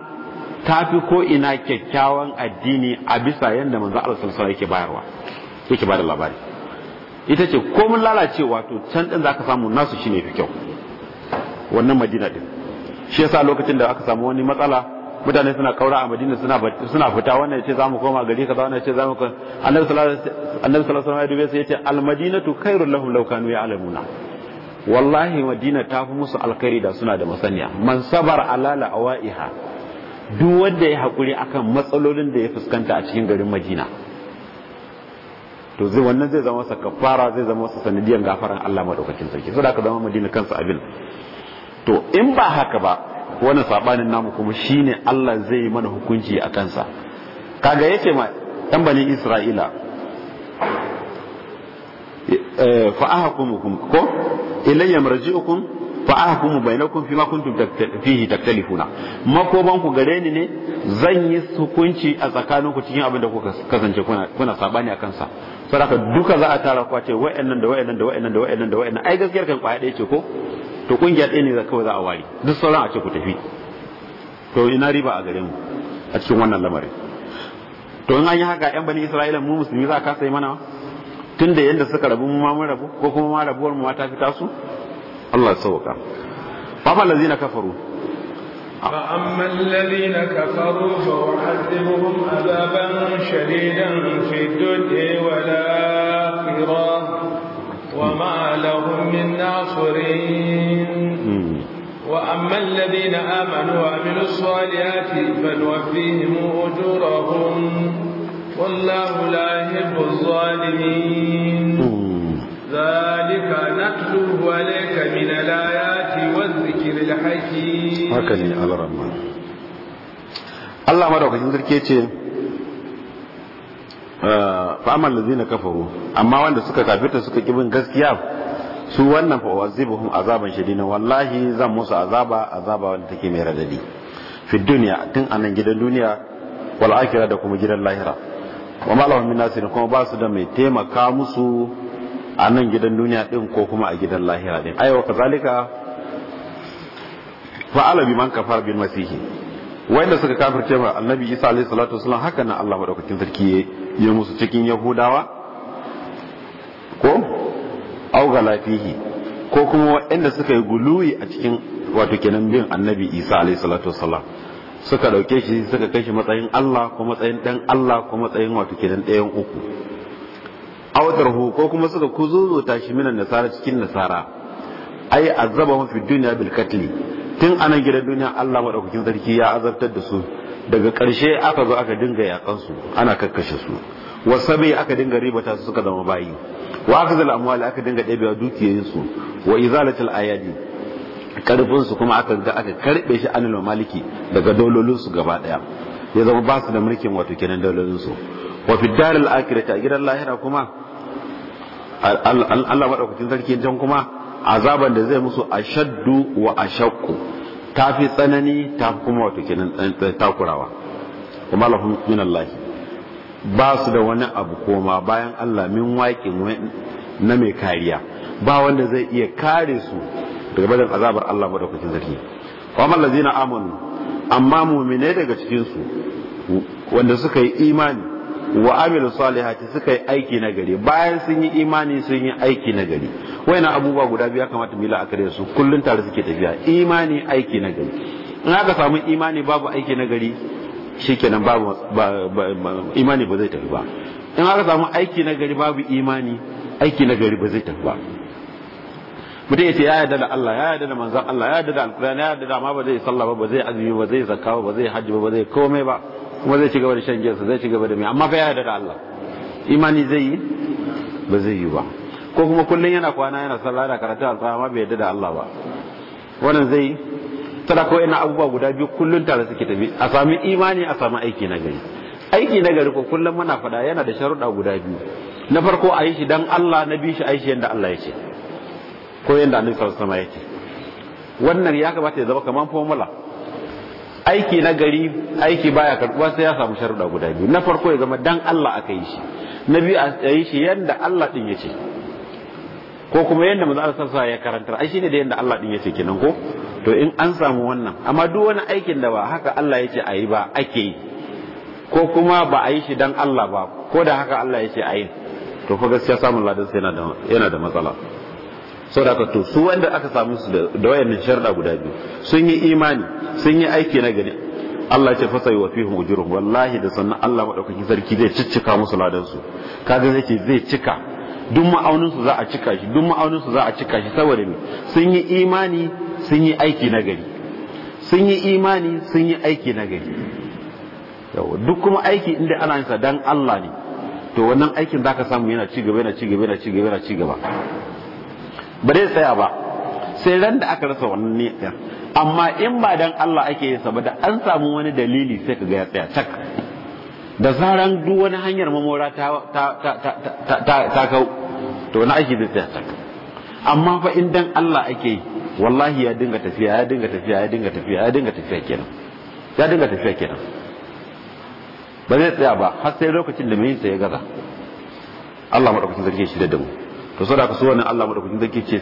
ta fi ko ina kyakkyawan addini a bisa yadda manzo Allah sallallahu yake bayarwa yake bada labari ita ce ko mun lalacewa to can din zaka samu nasu shine fi kyau wannan madina din shi yasa lokacin da aka samu wani matsala mutane suna kaura a madina suna suna fita wannan yace zamu koma gari kaza wannan yace zamu annabi sallallahu alaihi wasallam ya dubi sai yace al madinatu khairul lahum law kanu ya'lamuna wallahi madina ta fi musu alkhairi da suna da masaniya man sabar alala awaiha duk wanda ya hakuri akan matsalolin da ya fuskanta a cikin garin madina to zai wannan zai zama masa kafara zai zama masa sanadiyan gafaran Allah madaukakin sarki saboda ka zama madina kansa abin to in ba haka ba wannan sabanin namu kuma shine Allah zai yi mana hukunci a kansa kaga yace ma dan bani Isra'ila Eh, fa ahkumukum ko ilayya marji'ukum fa ahkumu bainakum fima kuntum fihi taktalifuna makoban ku gare ni ne zan yi hukunci a tsakaninku cikin abin da kuka kasance kuna kuna sabani akan sa saboda duka za a tara ku ce wa'annan da wa'annan da wa'annan da wa'annan da wa'annan ai gaskiyar kan kwaya ɗaya ko to kungiya ɗaya ne za kawai za a wari duk sauran a ce ku tafi to ina riba a gare mu a cikin wannan lamarin to in an yi haka yan bani isra'ila mu musulmi za a kasa mana Tun da yadda suka rabu mu ma mun rabu ko kuma ma rabuwar mu ma ta fi tasu Allah ya sauka fa amma allazina kafaru fa amma allazina kafaru fa u'adhibuhum adaban shadidan fi dunya wal akhirah wa ma lahum min nasirin وأما الذين آمنوا وعملوا الصالحات فنوفيهم أجورهم والله لا يحب الظالمين ذلك نتلوه عليك من الآيات والذكر الحكيم هكذا على الرحمن الله مدعوك ينزل fa'amal lazina kafaru amma wanda suka kafirta suka kibin gaskiya su wannan fa wazibuhum azaban shadina wallahi zan musu azaba azaba wanda take mai radadi fi dunya tun anan gidan duniya wal akhirah da kuma gidan lahira wa malahum min nasir kuma ba su da mai taimaka musu a nan gidan duniya din ko kuma a gidan lahira din ayo kazalika fa'ala bi man kafar bil masihi wanda suka kafirce ma annabi isa alaihi salatu wasallam haka nan Allah madaukakin sarki ya musu cikin yahudawa ko au galatihi ko kuma wanda suka yi guluyi a cikin wato kenan bin annabi isa alaihi salatu wasallam suka ɗauke shi suka kai shi matsayin Allah ko matsayin ɗan Allah ko matsayin wato kenan ɗayan uku awdarhu ko kuma suka kuzuzo ta shi minan nasara cikin nasara ai azaba fi duniya bil katli tun anan gidan duniya Allah madaukakin sarki ya azabtar da su daga ƙarshe aka zo aka dinga yakan su ana kakkashe su wasabi aka dinga ribata su suka zama bayi wa akzal amwal aka dinga ɗabewa dukiyoyin su wa izalatul ayadi karfinsu kuma aka ga aka karbe shi anil maliki daga dololinsu gaba daya ya zama ba su da mulkin wato kenan dololinsu wa fi daril akhirati a gidan lahira kuma Allah madaukakin sarki can kuma azaban da zai musu ashaddu wa ashaqqu tafi tsanani ta kuma wato kenan takurawa kuma lahum min Allah ba su da wani abu koma bayan Allah min waƙin na mai kariya ba wanda zai iya kare su daga barin azabar Allah madaukakin sarki qawmal lazina amanu amma mu'mine daga cikin su wanda suka yi imani wa amilu salihati suka yi aiki na gari bayan sun yi imani sun yi aiki na gari wayannan abubuwa guda biyu kamata mu yi la'akari su kullun tare suke tafiya imani aiki na gari in aka samu imani babu aiki na gari shikenan babu imani ba zai tafi ba in aka samu aiki na gari babu imani aiki na gari ba zai tafi ba mutum ya ce ya yarda da Allah ya yarda da manzon Allah ya yarda da alkurani ya yarda da ma ba zai sallah ba ba zai azumi ba zai zakka ba zai hajji ba ba zai komai ba kuma zai ci gaba da shan giyarsa zai ci gaba da mai amma fa ya yarda da Allah imani zai yi ba zai yi ba ko kuma kullum yana kwana yana sallah da karatu alkurani amma bai yarda da Allah ba wannan zai yi ko ina abubuwa guda biyu kullum tare suke tafi a sami imani a sami aiki na gari aiki na gari ko kullum muna faɗa yana da sharuɗa guda biyu na farko a yi shi dan Allah na bi shi a yadda Allah ya ce ko yadda annabi sallallahu alaihi yake wannan ya kamata ya zama kamar formula aiki na gari aiki baya karbuwa sai ya samu sharuɗa guda biyu na farko ya zama dan Allah aka yi shi na biyu a yi shi yadda Allah din yace ko kuma yadda manzo Allah sallallahu ya karanta ai shine da yadda Allah din yace kenan ko to in an samu wannan amma duk wani aikin da ba haka Allah yace a yi ba ake yi ko kuma ba a yi shi dan Allah ba ko da haka Allah yace a yi to fa gaskiya samun ladan sai yana da matsala saboda su wanda aka samu su da wayannan sharda guda biyu sun yi imani sun yi aiki na gari Allah ya ce fasai wa fihum ujurhum wallahi da sannan Allah madaukaki sarki zai ciccika musu ladan su kaga zai zai cika duk ma'aunin su za a cika shi duk ma'aunin su za a cika shi saboda me sun yi imani sun yi aiki na gari sun yi imani sun yi aiki na gari yawa duk kuma aiki inda ana yin sa dan Allah ne to wannan aikin zaka samu yana ci gaba yana ci gaba yana ci gaba yana ci gaba ba zai tsaya ba sai ran da aka rasa wannan niyyar amma in ba dan Allah ake yin sa ba da an samu wani dalili sai ka ga ya tsaya tak da zaran duk wani hanyar mamora ta ta ta ta kau to na ake zai tsaya tak amma fa in dan Allah ake yi wallahi ya dinga tafiya ya dinga tafiya ya dinga tafiya ya dinga tafiya kenan ya dinga tafiya kenan ba zai tsaya ba har sai lokacin da mai ya gaza Allah madaukakin sarki shi da mu to da su wannan Allah madaukakin sarki ce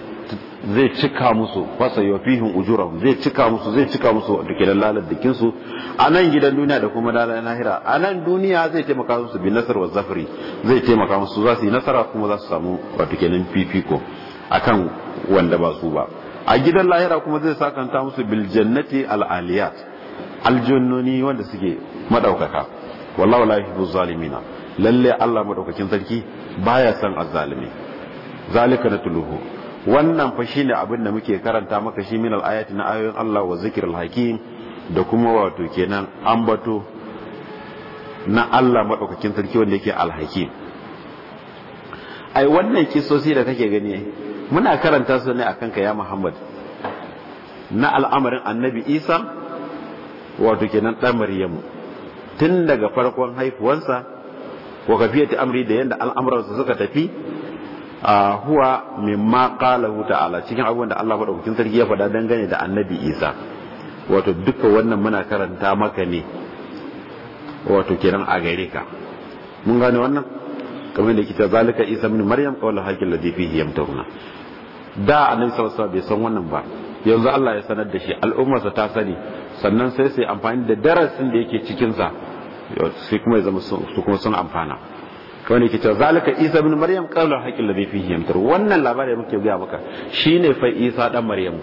zai cika musu fasa yafihun zai cika musu zai cika musu da kenan dukin su a nan gidan duniya da kuma lalan lahira a nan duniya zai taimaka musu bi nasar wa zafiri zai taimaka musu za su yi nasara kuma za su samu wato kenan fifiko akan wanda ba su ba a gidan lahira kuma zai sakanta musu bil jannati al aliyat aljannoni wanda suke madaukaka wallahu la yuhibbu zalimina lalle Allah madaukakin sarki baya son azzalimi zalika natluhu wannan fa shine abin da muke karanta maka shi min al-ayati na ayoyin Allah wa zikril hakim da kuma wato kenan ambato na Allah madaukakin sarki wanda yake al-hakim ai wannan kisosi da kake gani muna karanta su ne akan ka ya Muhammad na al'amarin Annabi Isa wato kenan dan Maryamu tun daga farkon haifuwansa wa kafiyati amri da yanda al'amuransa suka tafi huwa mimma qalahu ta'ala cikin abubuwan da Allah madaukakin sarki ya faɗa dangane da annabi Isa wato duka wannan muna karanta maka ne wato kiran a gare ka mun gane wannan kamar da kita zalika Isa min Maryam qawla hakil ladhi fihi yamtuna da annabi sallallahu alaihi bai san wannan ba yanzu Allah ya sanar da shi al'ummarsa ta sani sannan sai sai amfani da darasin da yake cikin sa sai kuma ya zama su kuma sun amfana kawai ke cewa zalika isa bin maryam qawlu haqqil ladhi fihi yamtar wannan labarin muke gaya maka shine fa isa dan maryam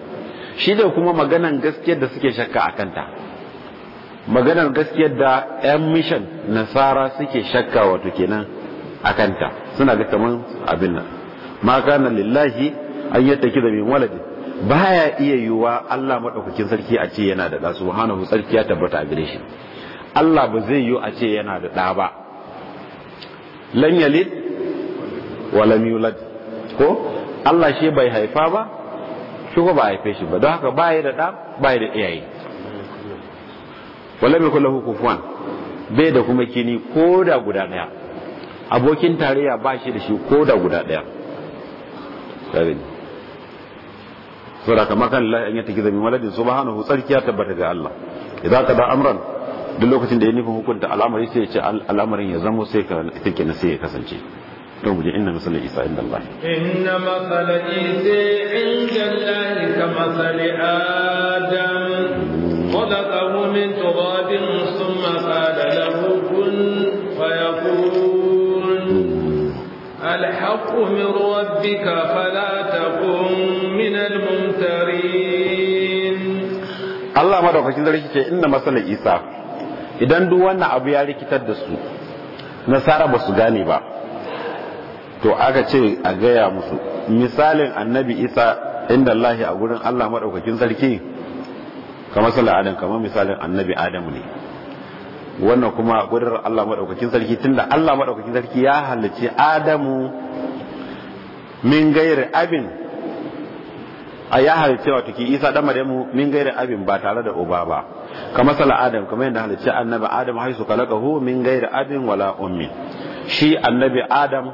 shi ne kuma maganan gaskiyar da suke shakka a kanta maganar gaskiyar da yan mishan nasara suke shakka wato kenan a kanta suna ga kaman abin nan ma kana lillahi an yattaki da min waladi baya iya yiwuwa Allah madaukakin sarki a ce yana da da subhanahu sarki ya tabbata a gare shi Allah ba zai yiwu a ce yana da da ba lam yalid wa lam yulad ko Allah shi bai haifa ba shi ko ba haife shi ba don haka bai da da bai da iyaye wala bai kula kufuwan bai da kuma kini ko da guda daya abokin tarayya ba shi da shi ko da guda daya sabin saboda kamar kan la ya yata kizamin waladin subhanahu tsarkiya tabbata ga Allah idan ka da amran duk lokacin da ya nufin hukunta al'amari sai ya ce al'amarin ya zamo sai ka take na sai ya kasance Don mu je inna masala isa inda Allah inna masala isa inda Allah ka masali adam خلقه sun تراب da قال له كن فيكون الحق من ربك فلا تكن من الممترين Allah madaukakin zarafi ce inna masala Isa idan duk wannan abu ya rikitar da su nasara ba su gane ba to aka ce a gaya musu misalin annabi isa inda lahi a gurin Allah maɗaukakin sarki kamar sallar adam kamar misalin annabi adamu ne wannan kuma gudunar Allah maɗaukakin sarki tunda Allah maɗaukakin sarki ya halarci adamu min gairi abin a ya halitta wato ki isa dan maryamu min gairi abin ba tare da uba ba kamar sala adam kamar yadda halicce annabi adam haisu kalakahu min gairi abin wala ummi shi annabi adam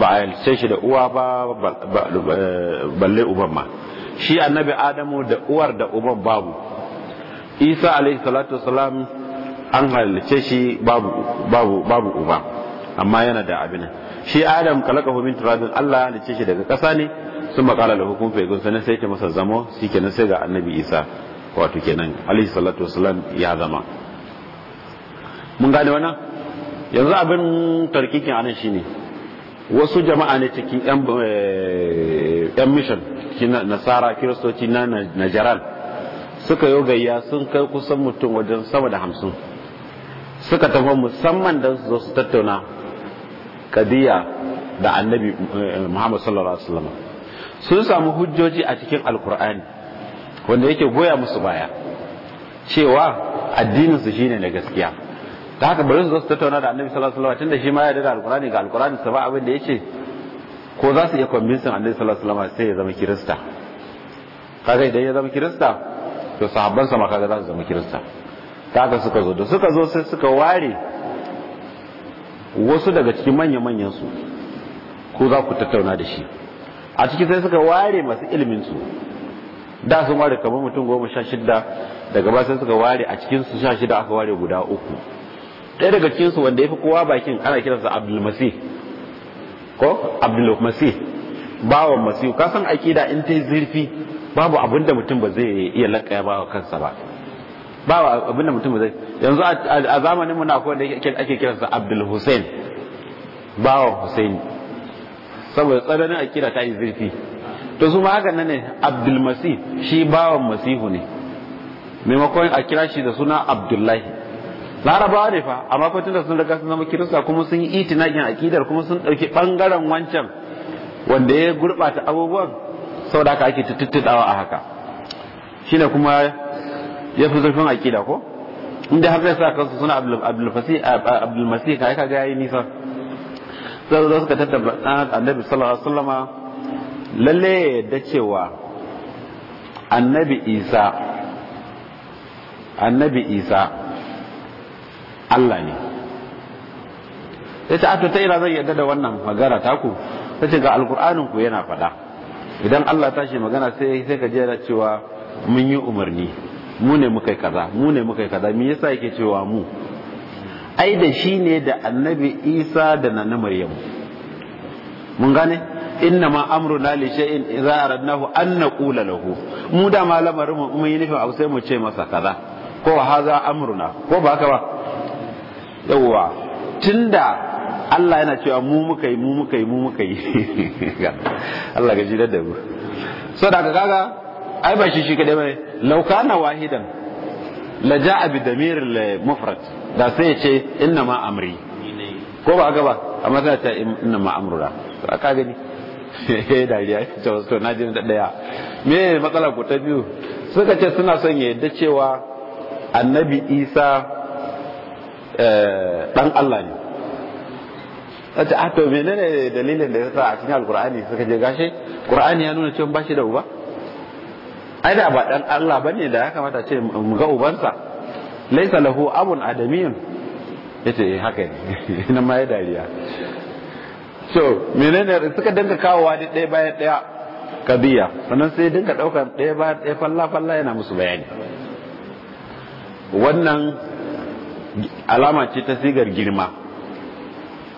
ba halitta shi da uwa ba balle uban ma shi annabi Adam da uwar da uban babu isa alaihi salatu wasalam an halitta shi babu babu babu uba amma yana da abin shi adam kalakahu min turabin allah halitta shi daga ƙasa ne sun makala da hukun sai ke masa zamo shi kenan sai ga annabi isa wato kenan alaihi salatu wasalam ya zama mun gane wannan yanzu abin tarkikin anan shine wasu jama'a ne cikin yan eh, mission nasara kiristoci na najaral suka yi gayya sun kai kusan mutum wajen sama da hamsin suka tafi musamman don su zo su tattauna kadiya da annabi eh, muhammad sallallahu alaihi wasallam sun samu hujjoji a cikin alkur'ani wanda yake goya musu baya cewa addinin su shine na gaskiya ta haka bari su zo su tattauna da annabi sallallahu alaihi wasallam tunda shi ma ya da alkur'ani ga alkur'ani sa ba abin da yake ko za su iya convincing annabi sallallahu alaihi wasallam sai ya zama kirista kaga idan ya zama kirista to sahabban sa ma kaga za su zama kirista Ta haka suka zo da suka zo sai suka ware wasu daga cikin manya-manyan su ko za ku tattauna da shi a ciki sai suka ware masu ilimin su da sun ware kamar mutum goma sha shida daga ba sai suka ware a cikin su sha shida aka ware guda uku ɗaya daga cikin su wanda ya fi kowa bakin ana kiransa abdulmasih ko abdulmasih bawan masihu ka san aƙida in ta yi zurfi babu abin da mutum ba zai iya lakaya ba kansa ba babu abin da mutum ba zai yanzu a zamaninmu na akwai da ake kiransa abdul hussein bawan hussein saboda tsananin akida ta yi zurfi to su ma haka nan ne abdulmasi shi bawan masihu ne maimakon a kira shi da suna abdullahi larabawa ne fa amma fa tunda sun riga sun zama kirista kuma sun yi itinagin akidar kuma sun ɗauki ɓangaren wancan wanda ya gurbata abubuwan saboda haka ake tuttuɗawa a haka shine kuma ya fi zurfin akida ko inda har zai sa kansu suna abdulmasi ka ga yayi nisa sai zo suka tattauna annabi sallallahu alaihi wasallama lalle da cewa annabi isa annabi isa Allah ne sai ta ato ah, ta ina zai yadda da wannan magana taku ta ce ga alkur'anin ku yana faɗa idan Allah tashi magana sai sai ka jera cewa mun yi umarni mu ne muka yi kaza mu ne muka yi kaza me yasa yake cewa mu ai da shi ne da annabi isa da na maryam mun gane inna ma amruna in shay'in idza aradnahu an kula lahu mu da malamar mu mun yi nufin abu sai mu ce masa kaza ko haza amruna ko ba haka ba yawwa tunda Allah yana cewa mu muka yi mu muka yi mu muka yi Allah ga jidar da mu so da kaga ai ba shi shi kadai bane Lauka na wahidan la ja'a bi damir al mufrad da sai ce inna ma amri ko ba gaba amma sai ta inna ma amruna to ka gani eh dariya ta wasu to naji da daya me matsala ko ta biyu suka ce suna son ya yadda cewa annabi isa dan Allah ne ta a to menene dalilin da ya sa a cikin alqur'ani suka je gashi qur'ani ya nuna cewa ba shi da uba ai da ba dan Allah bane da ya kamata ce mu ga ubansa laisa lahu abun adamiyun yace eh, haka ne nan ma ya dariya so menene suka dinga kawowa da ɗaya bayan ɗaya kabiya sannan sai dinga ɗaukar ɗaya bayan ɗaya falla falla yana musu bayani wannan alama ce ta sigar girma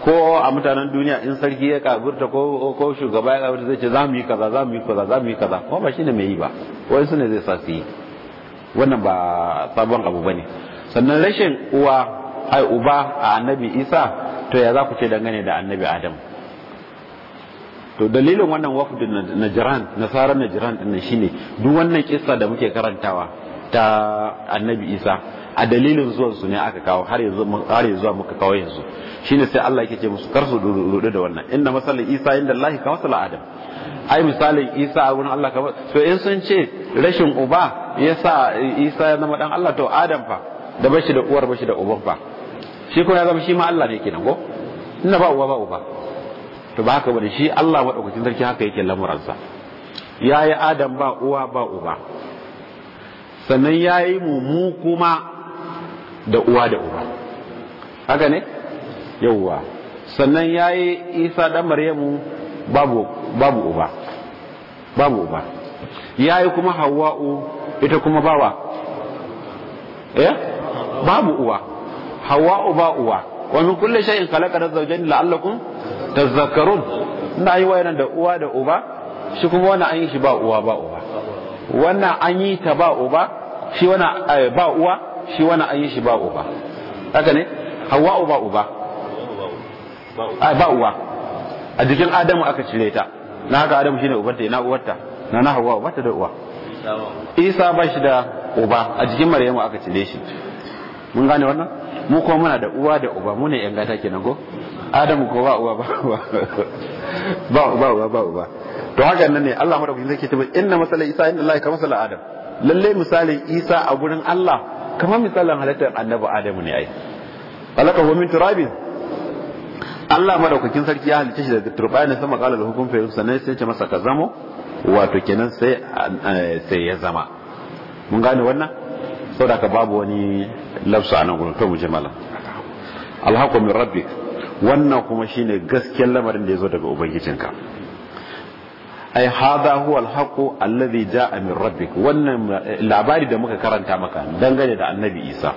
ko a mutanen duniya in sarki ya kaburta ko ko shugaba ya kaburta zai ce za mu yi kaza za mu yi kaza za mu yi kaza kuma ba shine mai yi ba wai su ne zai sa su yi wannan ba sabon abu bane sannan rashin uwa ai uba a annabi isa to ya za ku ce dangane da annabi adam to dalilin wannan wafd najran nasara najran din shine duk wannan kissa da muke karantawa ta annabi isa a dalilin zuwan su ne aka kawo har yanzu har yanzu muka kawo yanzu shine sai Allah yake ce musu kar su rudu da wannan inna masalan Isa inda Allah ka wasala Adam ai misalin Isa a wurin Allah kamar to in sun ce rashin uba yasa Isa ya zama dan Allah to Adam fa da bashi da uwar bashi da uban fa shi kuma ya zama shi ma Allah ne kenan ko inna ba uwa ba uba to ba haka bane shi Allah madaukakin sarki haka yake lamuransa yayi Adam ba uwa ba uba sannan yayi mu mu kuma da uwa da uba haka ne yauwa sannan ya yi isa dan maryamu babu uba babu uba ya yi kuma hawa'u ita kuma bawa eh babu uwa hawa'u ba uwa wa min kulli shay'in khalaqa zawjayn la'allakum tadhakkarun na yi wayanan da uwa da uba shi kuma wannan an yi shi ba uwa ba uba wannan an yi ta ba uba shi wannan eh, ba uwa shi wani an yi shi ba uba haka ne hawa uba uba ba uwa a jikin adamu aka cire ta na haka adamu shine ubarta ina uwarta na na hawa ubarta da uwa isa ba shi da uba a jikin maryamu aka cire shi mun gane wannan mu kuma muna da uwa da uba mu ne yan gata kenan ko adamu ko ba uwa ba uwa ba uba ba uba to haka nan ne Allah madaukakin zai ce inna masala isa inna lillahi ka masala adam lalle misalin isa a gurin Allah kamar misalin halittar annabi adamu ne ai alaka hu min turabin Allah madaukakin sarki ya halitta shi daga turbani sama kala da hukum fa sannan sai ce masa ka zamo wato kenan sai eh, sai ya zama mun gane wannan saboda ka babu wani lafsu a nan gurin to mu je malam alhaqu min rabbik wannan kuma shine gaskiyar lamarin da ya zo daga ubangijinka ai hada huwa alhaqu alladhi jaa min rabbik wannan eh, labari da muka karanta maka dangane da annabi isa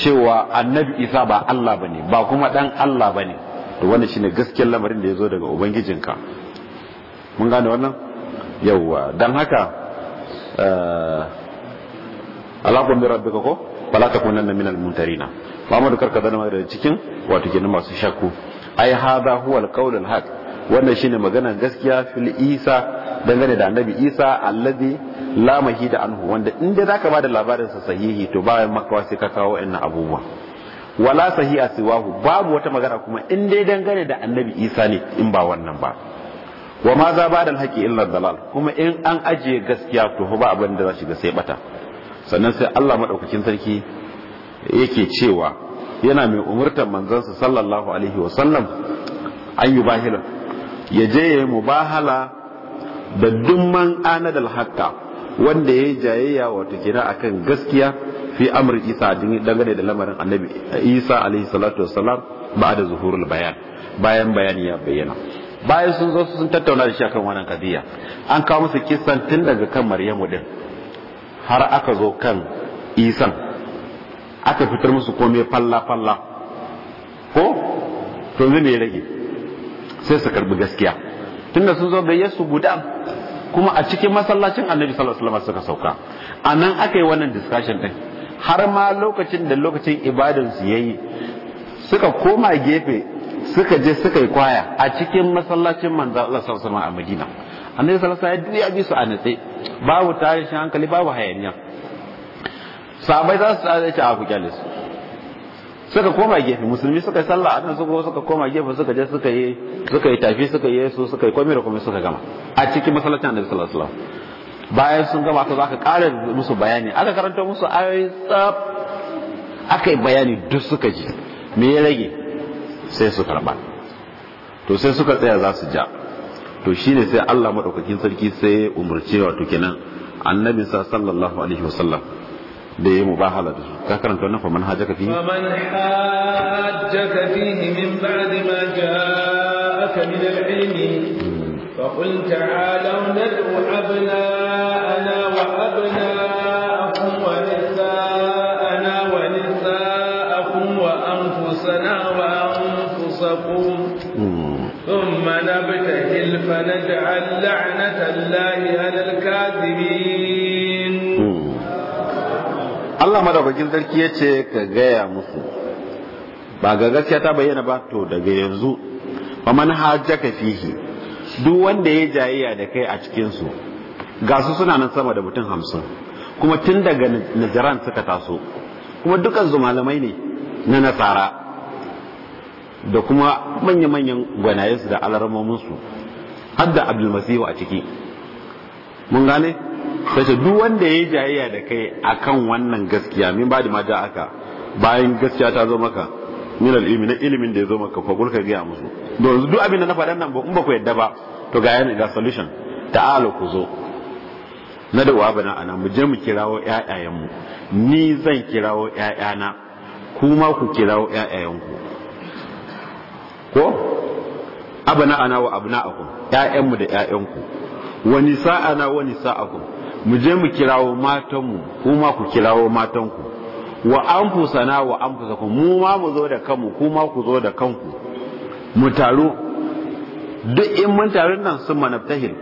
cewa annabi isa ba Allah bane ba kuma dan Allah bane to wannan shine gaskiyar lamarin da yazo daga ubangijinka mun gane wannan yawa dan haka eh, alaqu min rabbika ko fala takunanna minal muntarina. Muhammadu karka zama da cikin wato kenan masu shakku ai hada huwa alqawl haqq wannan shine maganar gaskiya fil isa dangane da annabi isa allazi la mahida anhu wanda in dai zaka bada labarin sa sahihi to ba makawa sai ka kawo wa'annan abubuwa wala sahiha siwahu babu wata magana kuma in dai dangane da annabi isa ne in ba wannan ba wa ma za ba da alhaqi illa dalal kuma in an ajiye gaskiya to ba abin da za shiga sai bata sannan sai Allah madaukakin sarki yake cewa yana mai umurtar manzansa sallallahu alaihi wa sallam ya je ya yi mubahala da dumman anadal hatta wanda ya yi jayayya wata kira akan gaskiya fi amur isa dangane da lamarin annabi isa alaihi salatu salam ba da zuhurul bayan bayan bayani ya bayyana bayan sun zo sun tattauna da shi akan wannan kadiya an kawo musu kisan tun daga kan maryamu din har aka zo kan isan aka fitar musu komai falla falla ko to zai ne rage sai su karbi gaskiya tunda sun zo gayyar su guda kuma a cikin masallacin annabi sallallahu alaihi wasallam suka sauka a nan aka yi wannan discussion din har ma lokacin da lokacin ibadan su yayi suka koma gefe suka je suka yi kwaya a cikin masallacin manzo Allah sallallahu alaihi wasallam a Madina annabi sallallahu alaihi wasallam ya bi su a natse babu tashin hankali babu hayaniya sahabai za su tsaya da a ku kyalisu suka koma gefe musulmi suka yi sallah anan suka suka koma gefe suka je suka yi suka yi tafi suka yi yesu suka yi komai da komai suka gama a cikin masallacin annabi sallallahu alaihi wasallam bayan sun gama ka zaka kare musu bayani aka karanta musu ayoyi tsaf aka yi bayani duk suka ji me ya rage sai su karba to sai suka tsaya za su ja to shine sai Allah madaukakin sarki sai umurce wato kenan annabi sallallahu alaihi wasallam da ya mubahala da su ka karanta wannan faman hajjaka fi faman hajjaka fihi min ba'di ma ja'aka min al-ilm fa qul ta'alu ana wa abna akum wa nisa ana wa nisa akum wa anfusana wa anfusakum thumma nabtahil fa naj'al la'nata Allah madaukakin sarki ya ce ka gaya musu ba ga gaskiya ta bayyana ba to daga yanzu fa man ka fihi duk wanda ya jayayya da kai a cikin su ga su suna nan sama da mutum hamsin kuma tun daga najaran suka taso kuma dukan zumalamai malamai ne na nasara da kuma manya-manyan gwanayensu da alarmominsu har da abdulmasihu a ciki mun gane sace duk wanda ya yi jayayya da kai akan wannan gaskiya min ba da ma da aka bayan gaskiya ta zo maka min ilimi na ilimin da ya zo maka fa gurka ga musu don duk abin da na faɗan nan ba in ba ku yadda ba to ga yana ga solution ta'alu ku zo na da uwa bana ana mu je mu kirawo ƴaƴayenmu mu ni zan kirawo ƴaƴana kuma ku kirawo ƴaƴayenku ku ko abana ana wa abna'akum ƴaƴan mu da ƴaƴan ku wa na wa nisa'akum mu je mu kirawo matanmu kuma ku kirawo matanku wa anfusana wa anfusakum mu ma mu zo da kanmu kuma ku zo da kanku mu taru duk in mun taru nan sun manaftahil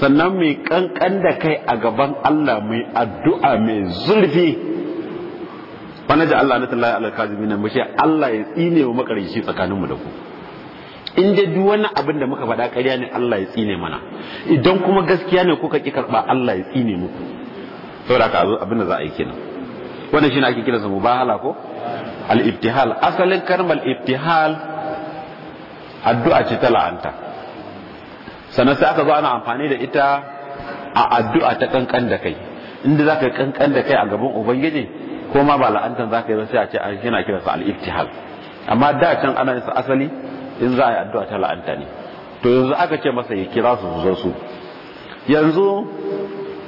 sannan mai kankan da kai a gaban Allah mai addu'a mai zurfi bana ji Allah na tallahi alkazimin mu Allah ya tsine wa makarici tsakaninmu da ku in da duk wani abin da muka faɗa ƙarya ne Allah ya tsine mana idan kuma gaskiya ne kuka ki karɓa Allah ya tsine muku saboda ka abin da za a yi kenan wannan shine ake kiransa mubahala ko al-ibtihal asalin karmal ibtihal addu'a ce ta la'anta sannan sai aka zo ana amfani da ita a addu'a ta kankan da kai inda za ka kankan da kai a gaban ubangiji ko ma ba la'antan zaka yi ba sai a ce an yana kiransa al-ibtihal amma da can ana yin asali in za a yi addu'a ta la'anta ne to yanzu aka ce masa ya kira su su zo su yanzu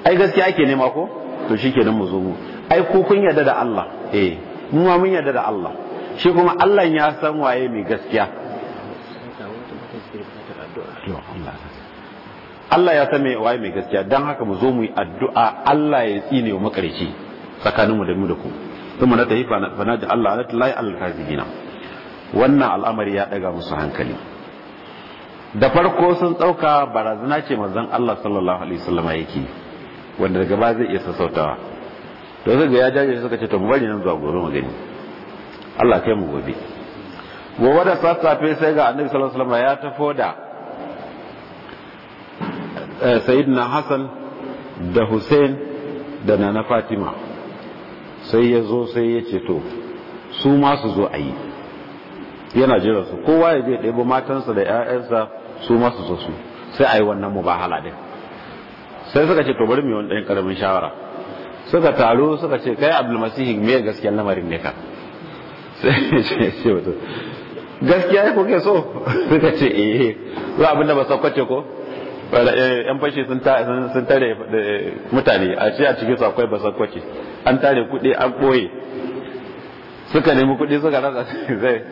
ai gaskiya ake nema ko to shi shikenan mu zo mu ai ku kun yarda da Allah eh mu ma mun yarda da Allah shi kuma Allah ya san waye mai gaskiya Allah ya san waye mai gaskiya dan haka mu zo mu yi addu'a Allah ya tsine mu makarici tsakaninmu da mu da ku kuma na tafi fana da Allah na tilai al-kazibina wannan al'amari ya daga musu hankali da farko sun tsauka barazana ce manzon Allah sallallahu alaihi wasallam yake wanda daga ba zai iya sassautawa to sai ga ya jaje suka ce to mu bari nan zuwa gobe mu gani Allah kai mu gobe gobe da sassafe sai ga annabi sallallahu alaihi wasallam ya tafo da eh, sayyidina Hassan da Hussein da nana Fatima sai ya zo sai ya ce to su ma su zo a yi yana jira su kowa ya je ɗebo matansa da 'ya'yansa su masu so su sai a yi wannan mubahala din sai suka ce to bari mu yi wani ɗan ƙaramin shawara suka taru suka ce kai abdulmasihi me gaskiyar lamarin ne ka sai ce wato gaskiya ya kuke so suka ce eh za abinda ba sakwace ko yan eh, fashi sun tare eh, mutane a ce a cikin su akwai ba sakwace an tare kuɗi an ɓoye suka nemi kuɗi suka rasa zai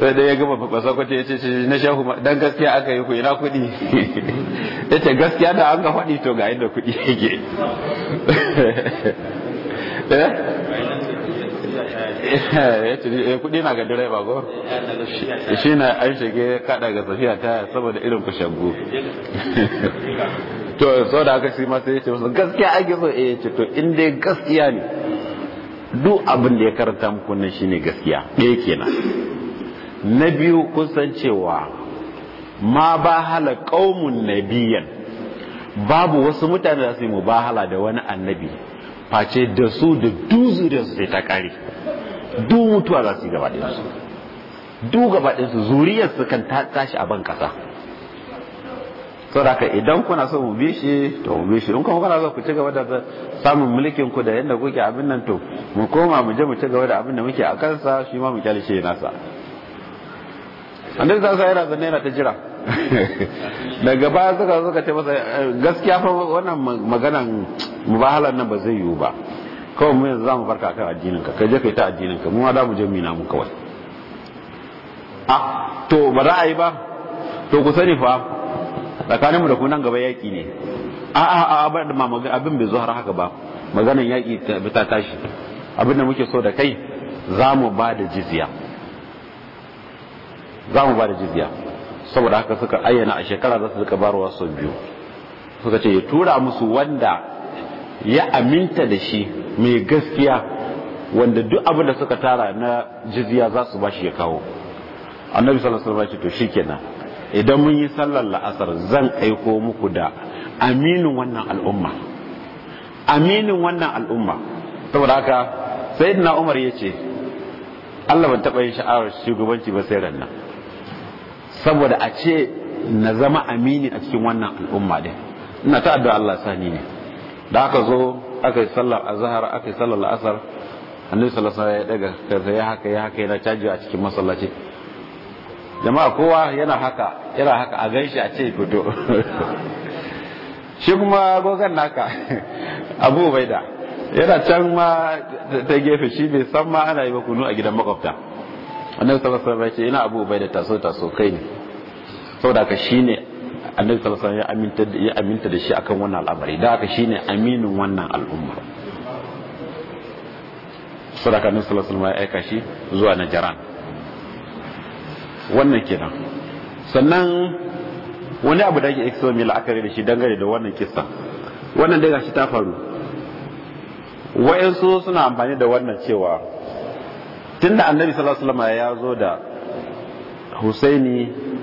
sai da ya gama fasa kwata ya ce na shahu dan gaskiya aka yi ku ina kuɗi ya ce gaskiya da an ga faɗi to ga inda kuɗi yake eh? eh, kuɗi na ga direba ko shi na an shige kada ga safiya ta saboda irin ku shagu to sau da aka shi ma sai ya ce masa gaskiya ake so eh ce to in dai gaskiya ne duk abin da ya karanta muku nan shine gaskiya ɗaya kenan na biyu san cewa ma ba hala ƙaumun nabiyan babu wasu mutane da su yi hala da wani annabi face da su da duzu da su sai ta kare duk mutuwa za su yi gaba su duk gaba su zuriyar su kan tashi a ban kasa saboda idan kuna so mu bishi to mu bishi in kuma kuna so ku ci gaba da samun mulkin ku da yadda kuke abin nan to mu koma mu je mu ci gaba da abin da muke a kansa shi ma mu kyale nasa annabi sallallahu alaihi wasallam yana ta jira daga baya suka suka ce masa gaskiya fa wannan maganan mubahalan nan ba zai yiwu ba kawai mu yanzu zamu barka kan addinin ka kai je kai ta addinin ka mu ma da mu je mina mu kawai ah to ba za a yi ba to ku sani fa tsakaninmu da kunan nan gaba yaki ne a ah, a ah, a ah, ba da abin bai zo har haka ba maganan yaki ta tashi abin da muke so da kai za mu ba da jizya za mu ba da jizya saboda haka suka ayyana a shekara za su suka barwa su biyu suka ce ya tura musu wanda ya aminta da shi mai gaskiya wanda duk abin da suka tara na jizya za su ba shi ya kawo annabi sallallahu alaihi wasallam to shikenan idan mun yi sallar la'asar zan aiko muku da aminin wannan al'umma aminin wannan al'umma saboda haka sayyidina umar ya ce Allah ban taɓa yin sha'awar shugabanci ba sai ran nan saboda a ce na zama amini a cikin wannan al'umma din ina ta addu'a Allah sani ne da aka zo aka yi sallar azhar aka yi sallar asar annabi sallallahu alaihi wasallam ya daga kansa ya haka ya haka yana caji a cikin masallaci jama'a kowa yana haka yana haka a ganshi a ce fito shi kuma gogan naka abu baida yana can ma ta gefe shi bai san ma ana yi ba kunu a gidan makwabta annabi sallallahu alaihi wasallam ya ce ina abu bai da taso taso kai ne saboda ka shine annabi sallallahu alaihi wasallam ya aminta ya aminta da shi akan wannan al'amari da ka shine aminin wannan al'umma saboda ka annabi sallallahu alaihi wasallam ya aika shi zuwa najaran wannan kenan sannan wani abu da ake ekso mai la'akari da shi dangane da wannan kissa wannan dai gashi ta faru wa'yansu suna amfani da wannan cewa tunda annabi sallallahu alaihi wasallam ya zo da husaini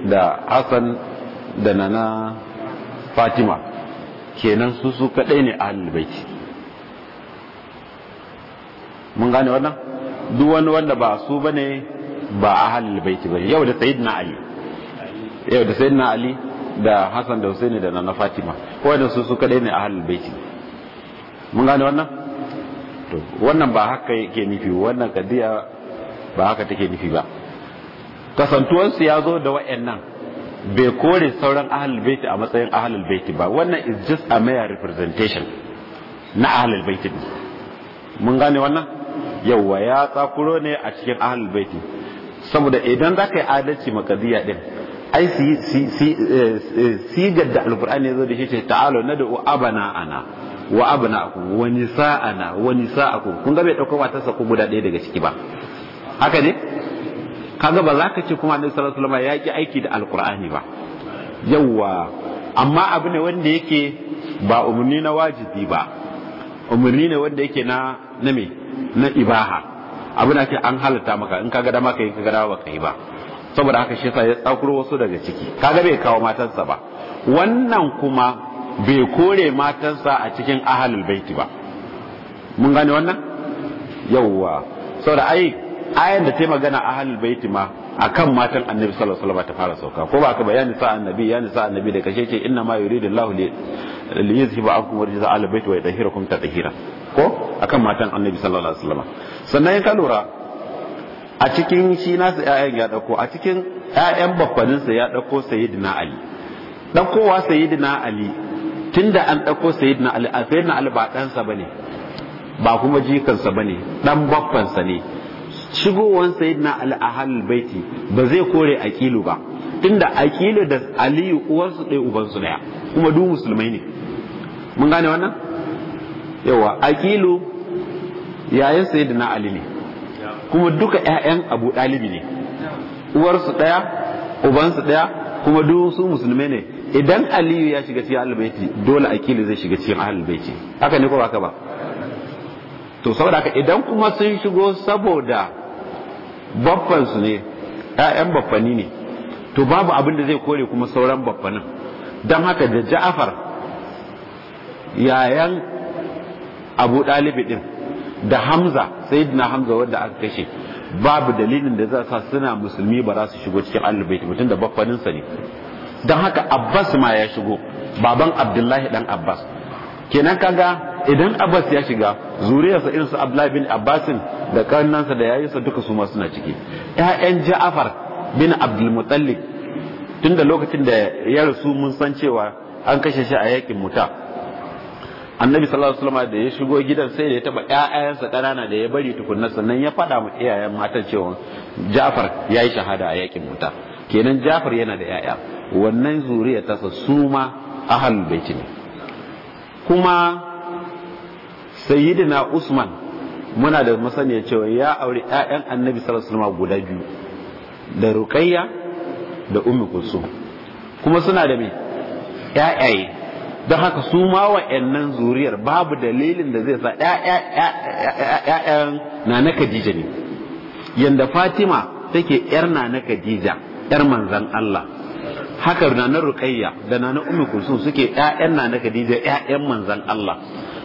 da hassan da nana fatima kenan su su kadai ne ahlul baiti mun gane wannan duk wani wanda ba su bane ba ahlul baiti bane yau da sayyidina ali yau da sayyidina ali da hassan da husaini da nana fatima wanda su su kadai ne ahlul baiti mun gane wannan wannan ba haka yake nufi wannan kadiya ba haka take nufi ba kasantuwansu ya zo da nan bai kore sauran ahalul baiti a matsayin ahalul baiti ba wannan is just a mere representation na ahalul baiti mun gane wannan yawwa ya tsakuro ne a cikin ahalul baiti saboda idan za ka yi adalci makadiyya din ai eh, sigar da alkur'ani ya zo da shi ce ta'alo na da abana ana wa na aku wani wa wani sa'aku kun ga bai ɗaukar sa ko guda ɗaya daga ciki ba haka ne kaga ba za ka ce kuma annabi sallallahu alaihi wasallam ya ki aiki da alqur'ani ba yawwa amma abu ne wanda yake ba umarni na wajibi ba umarni ne wanda yake na na me na ibaha abu na ce an halatta maka in kaga maka in kaga gada baka yi ba saboda haka shi ya tsakuro wasu daga ciki kaga bai kawo matansa ba wannan kuma bai kore matansa a cikin ahalul baiti ba mun gane wannan yawwa saboda ai ayan da ta yi magana a halin baiti ma akan matan annabi sallallahu alaihi wasallam ta fara sauka ko ba ka bayani sa annabi ya sa annabi da kashe ce inna ma yuridu Allahu li yuzhiba ankum rijza al baiti wa yutahhirakum tatahira ko akan matan annabi sallallahu alaihi wasallam sannan ka lura a cikin shi nasu ƴaƴan ya dauko a cikin ayan babbanin sa ya dauko sayyidina ali daukowa sayyidina ali tunda an dauko sayyidina ali sayyidina ali ba dan sa bane ba kuma jikansa bane dan babban sa ne shigowar sayyidina al-ahal baiti ba zai kore aqilu ba tunda aqilu da aliyu uwarsu ɗaya ubansu ɗaya kuma duk musulmai ne mun gane wannan yawa aqilu yayin sayyidina ali ne kuma duka ƴaƴan abu ɗalibi ne uwarsu ɗaya ubansu ɗaya kuma duk su musulmai ne idan aliyu ya shiga cikin albaiti dole aqilu zai shiga cikin albaiti haka ne ko haka ba to saboda haka idan kuma sun shigo saboda su ne ƴaƴan baffani ne to babu abin da zai kore kuma sauran baffanin don haka da ja'afar yayan abu ɗalibi ɗin da hamza sai na hamza wanda aka kashe babu dalilin da za sa suna musulmi ba za su shigo cikin alibaiti mutum da baffaninsa ne don haka abbas ma ya shigo baban abdullahi dan abbas kenan kaga idan abbas ya shiga zuriyarsa irin su abdullahi bin abbasin da karnansa da yayinsa duka su ma suna ciki ƴaƴan ja'afar bin tun da lokacin da ya rasu mun san cewa an kashe shi a yakin muta annabi sallallahu alaihi wasallam da ya shigo gidan sai da ya taba ƴaƴansa ƙanana da ya bari tukunna sannan ya faɗa mu iyayen matan cewa Ja'far ya yi shahada a yakin muta kenan Ja'far yana da ƴaƴa wannan zuriya ta su ma ahlul baiti ne kuma sayyidina usman muna da masaniya cewa ya aure ƴaƴan annabi sallallahu ma guda biyu da Rukayya da ummi kusu kuma suna da mai ƴaƴaye don haka su ma nan zuriyar babu dalilin da zai sa ƴaƴan na Khadija ne yanda Fatima take ƴar na Khadija ƴar Allah haka na Rukayya da nana Ummu suke ƴaƴan na Khadija ƴaƴan Allah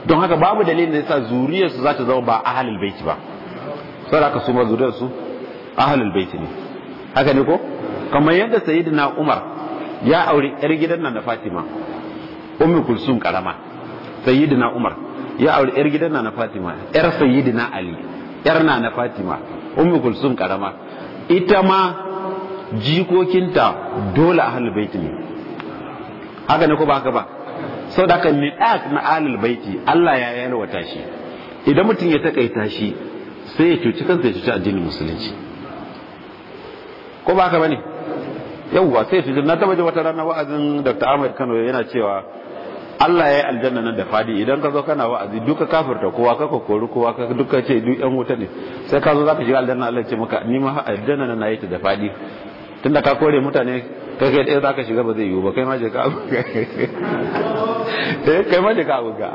don haka babu dalilin da yasa zuriyarsu za ta zama ba ahlul baiti ba saboda haka su ma zuriyarsu ahlul baiti ne haka ne ko kamar yadda sayyidina Umar ya aure yar gidan nan na Fatima ummu kulsum karama sayyidina Umar ya aure yar gidan nan na Fatima yar sayyidina Ali yar na na Fatima ummu kulsum karama ita ma jikokinta dole ahlul baiti ne haka ne ko ba haka ba sau da kan niɗaƙ na alil baiti Allah ya yalwata shi idan mutum ya takaita shi sai ya cuci kansa ya cuci addinin musulunci ko ba ka bane yawwa sai ya cuci na taba wata rana wa'azin Dr. Ahmed Kano yana cewa Allah ya yi aljanna nan da fadi idan ka zo kana wa'azi duka kafirta kowa ka kokori kowa ka duka ce duk yan wuta ne sai ka zo za ka shiga aljanna Allah ce maka ni ma aljanna nan na yi ta da fadi tunda ka kore mutane kai kai ɗaya za ka shiga ba zai yiwu ba kai ma je ka eh kai ma da ka buga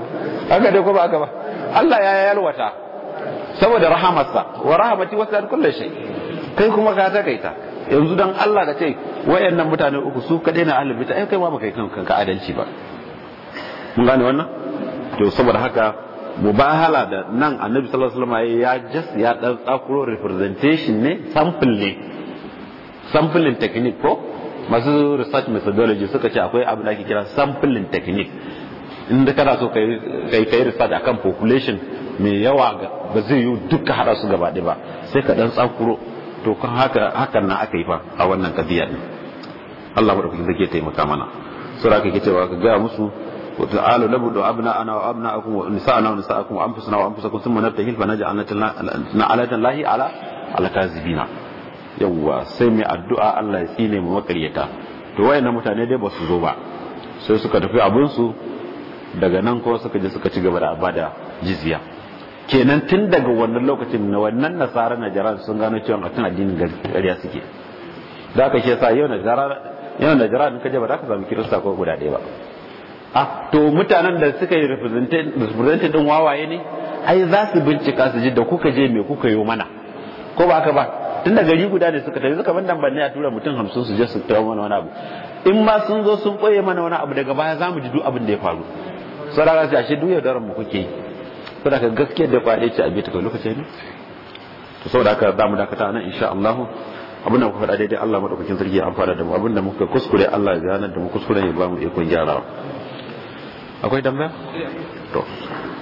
haka dai ko ba haka ba Allah ya yalwata saboda rahamarsa wa rahamati wasi'at kullu shay kai kuma ka ta yanzu dan Allah ka ce wayannan mutane uku su kadai na ahlul bid'a eh kai ma baka yi kanka adalci ba mun gane wannan to saboda haka mubahala da nan annabi sallallahu alaihi wasallam ya just ya dan tsakuro representation ne sample ne sampling technique ko masu research methodology suka ce akwai abu da ake kira sampling technique inda kana so kai kai research akan population mai yawa ba zai yi duka hada su gaba ba sai ka dan tsakuro to kan haka hakan na aka yi fa a wannan kadiya din Allah madaukakin zai taimaka mana sura kake cewa ka ga musu وتعالوا wa أبناءنا وأبناءكم ونساءنا wa وأنفسنا وأنفسكم ثم نبتهل فنجعل نعلة الله على ala كاذبين yawwa sai mai addu'a Allah ya tsine mu makaryata to wayannan mutane dai ba su zo ba sai suka tafi abin su daga nan ko suka je suka ci gaba da abada jizya kenan tun daga wannan lokacin na wannan nasara na jara sun gano cewa a tun addinin gariya suke da ka shi yasa yau na jara yau na jara ka je ba za ka samu kirista ko guda ɗaya ba A ah, to mutanen da suka yi represented din wawaye ne ai za su bincika su ji da kuka je me kuka yi mana ko ba haka ba tun da gari guda ne suka tafi suka ban nan banne a tura mutum hamsin su je su tawo mana wani abu in ma sun zo sun koye mana wani abu daga baya za mu ji duk abin da ya faru sarara sai ashe duk yaudarar mu kuke yi saboda ka gaskiyar da kwaɗe ce a bi ta kai lokaci ne to saboda haka za mu dakata nan insha Allah abin da muka faɗa daidai Allah madaukakin sarki ya amfana da mu abin da muka kuskure Allah ya ganar da mu kuskure ya ba mu ikon gyarawa akwai tambaya to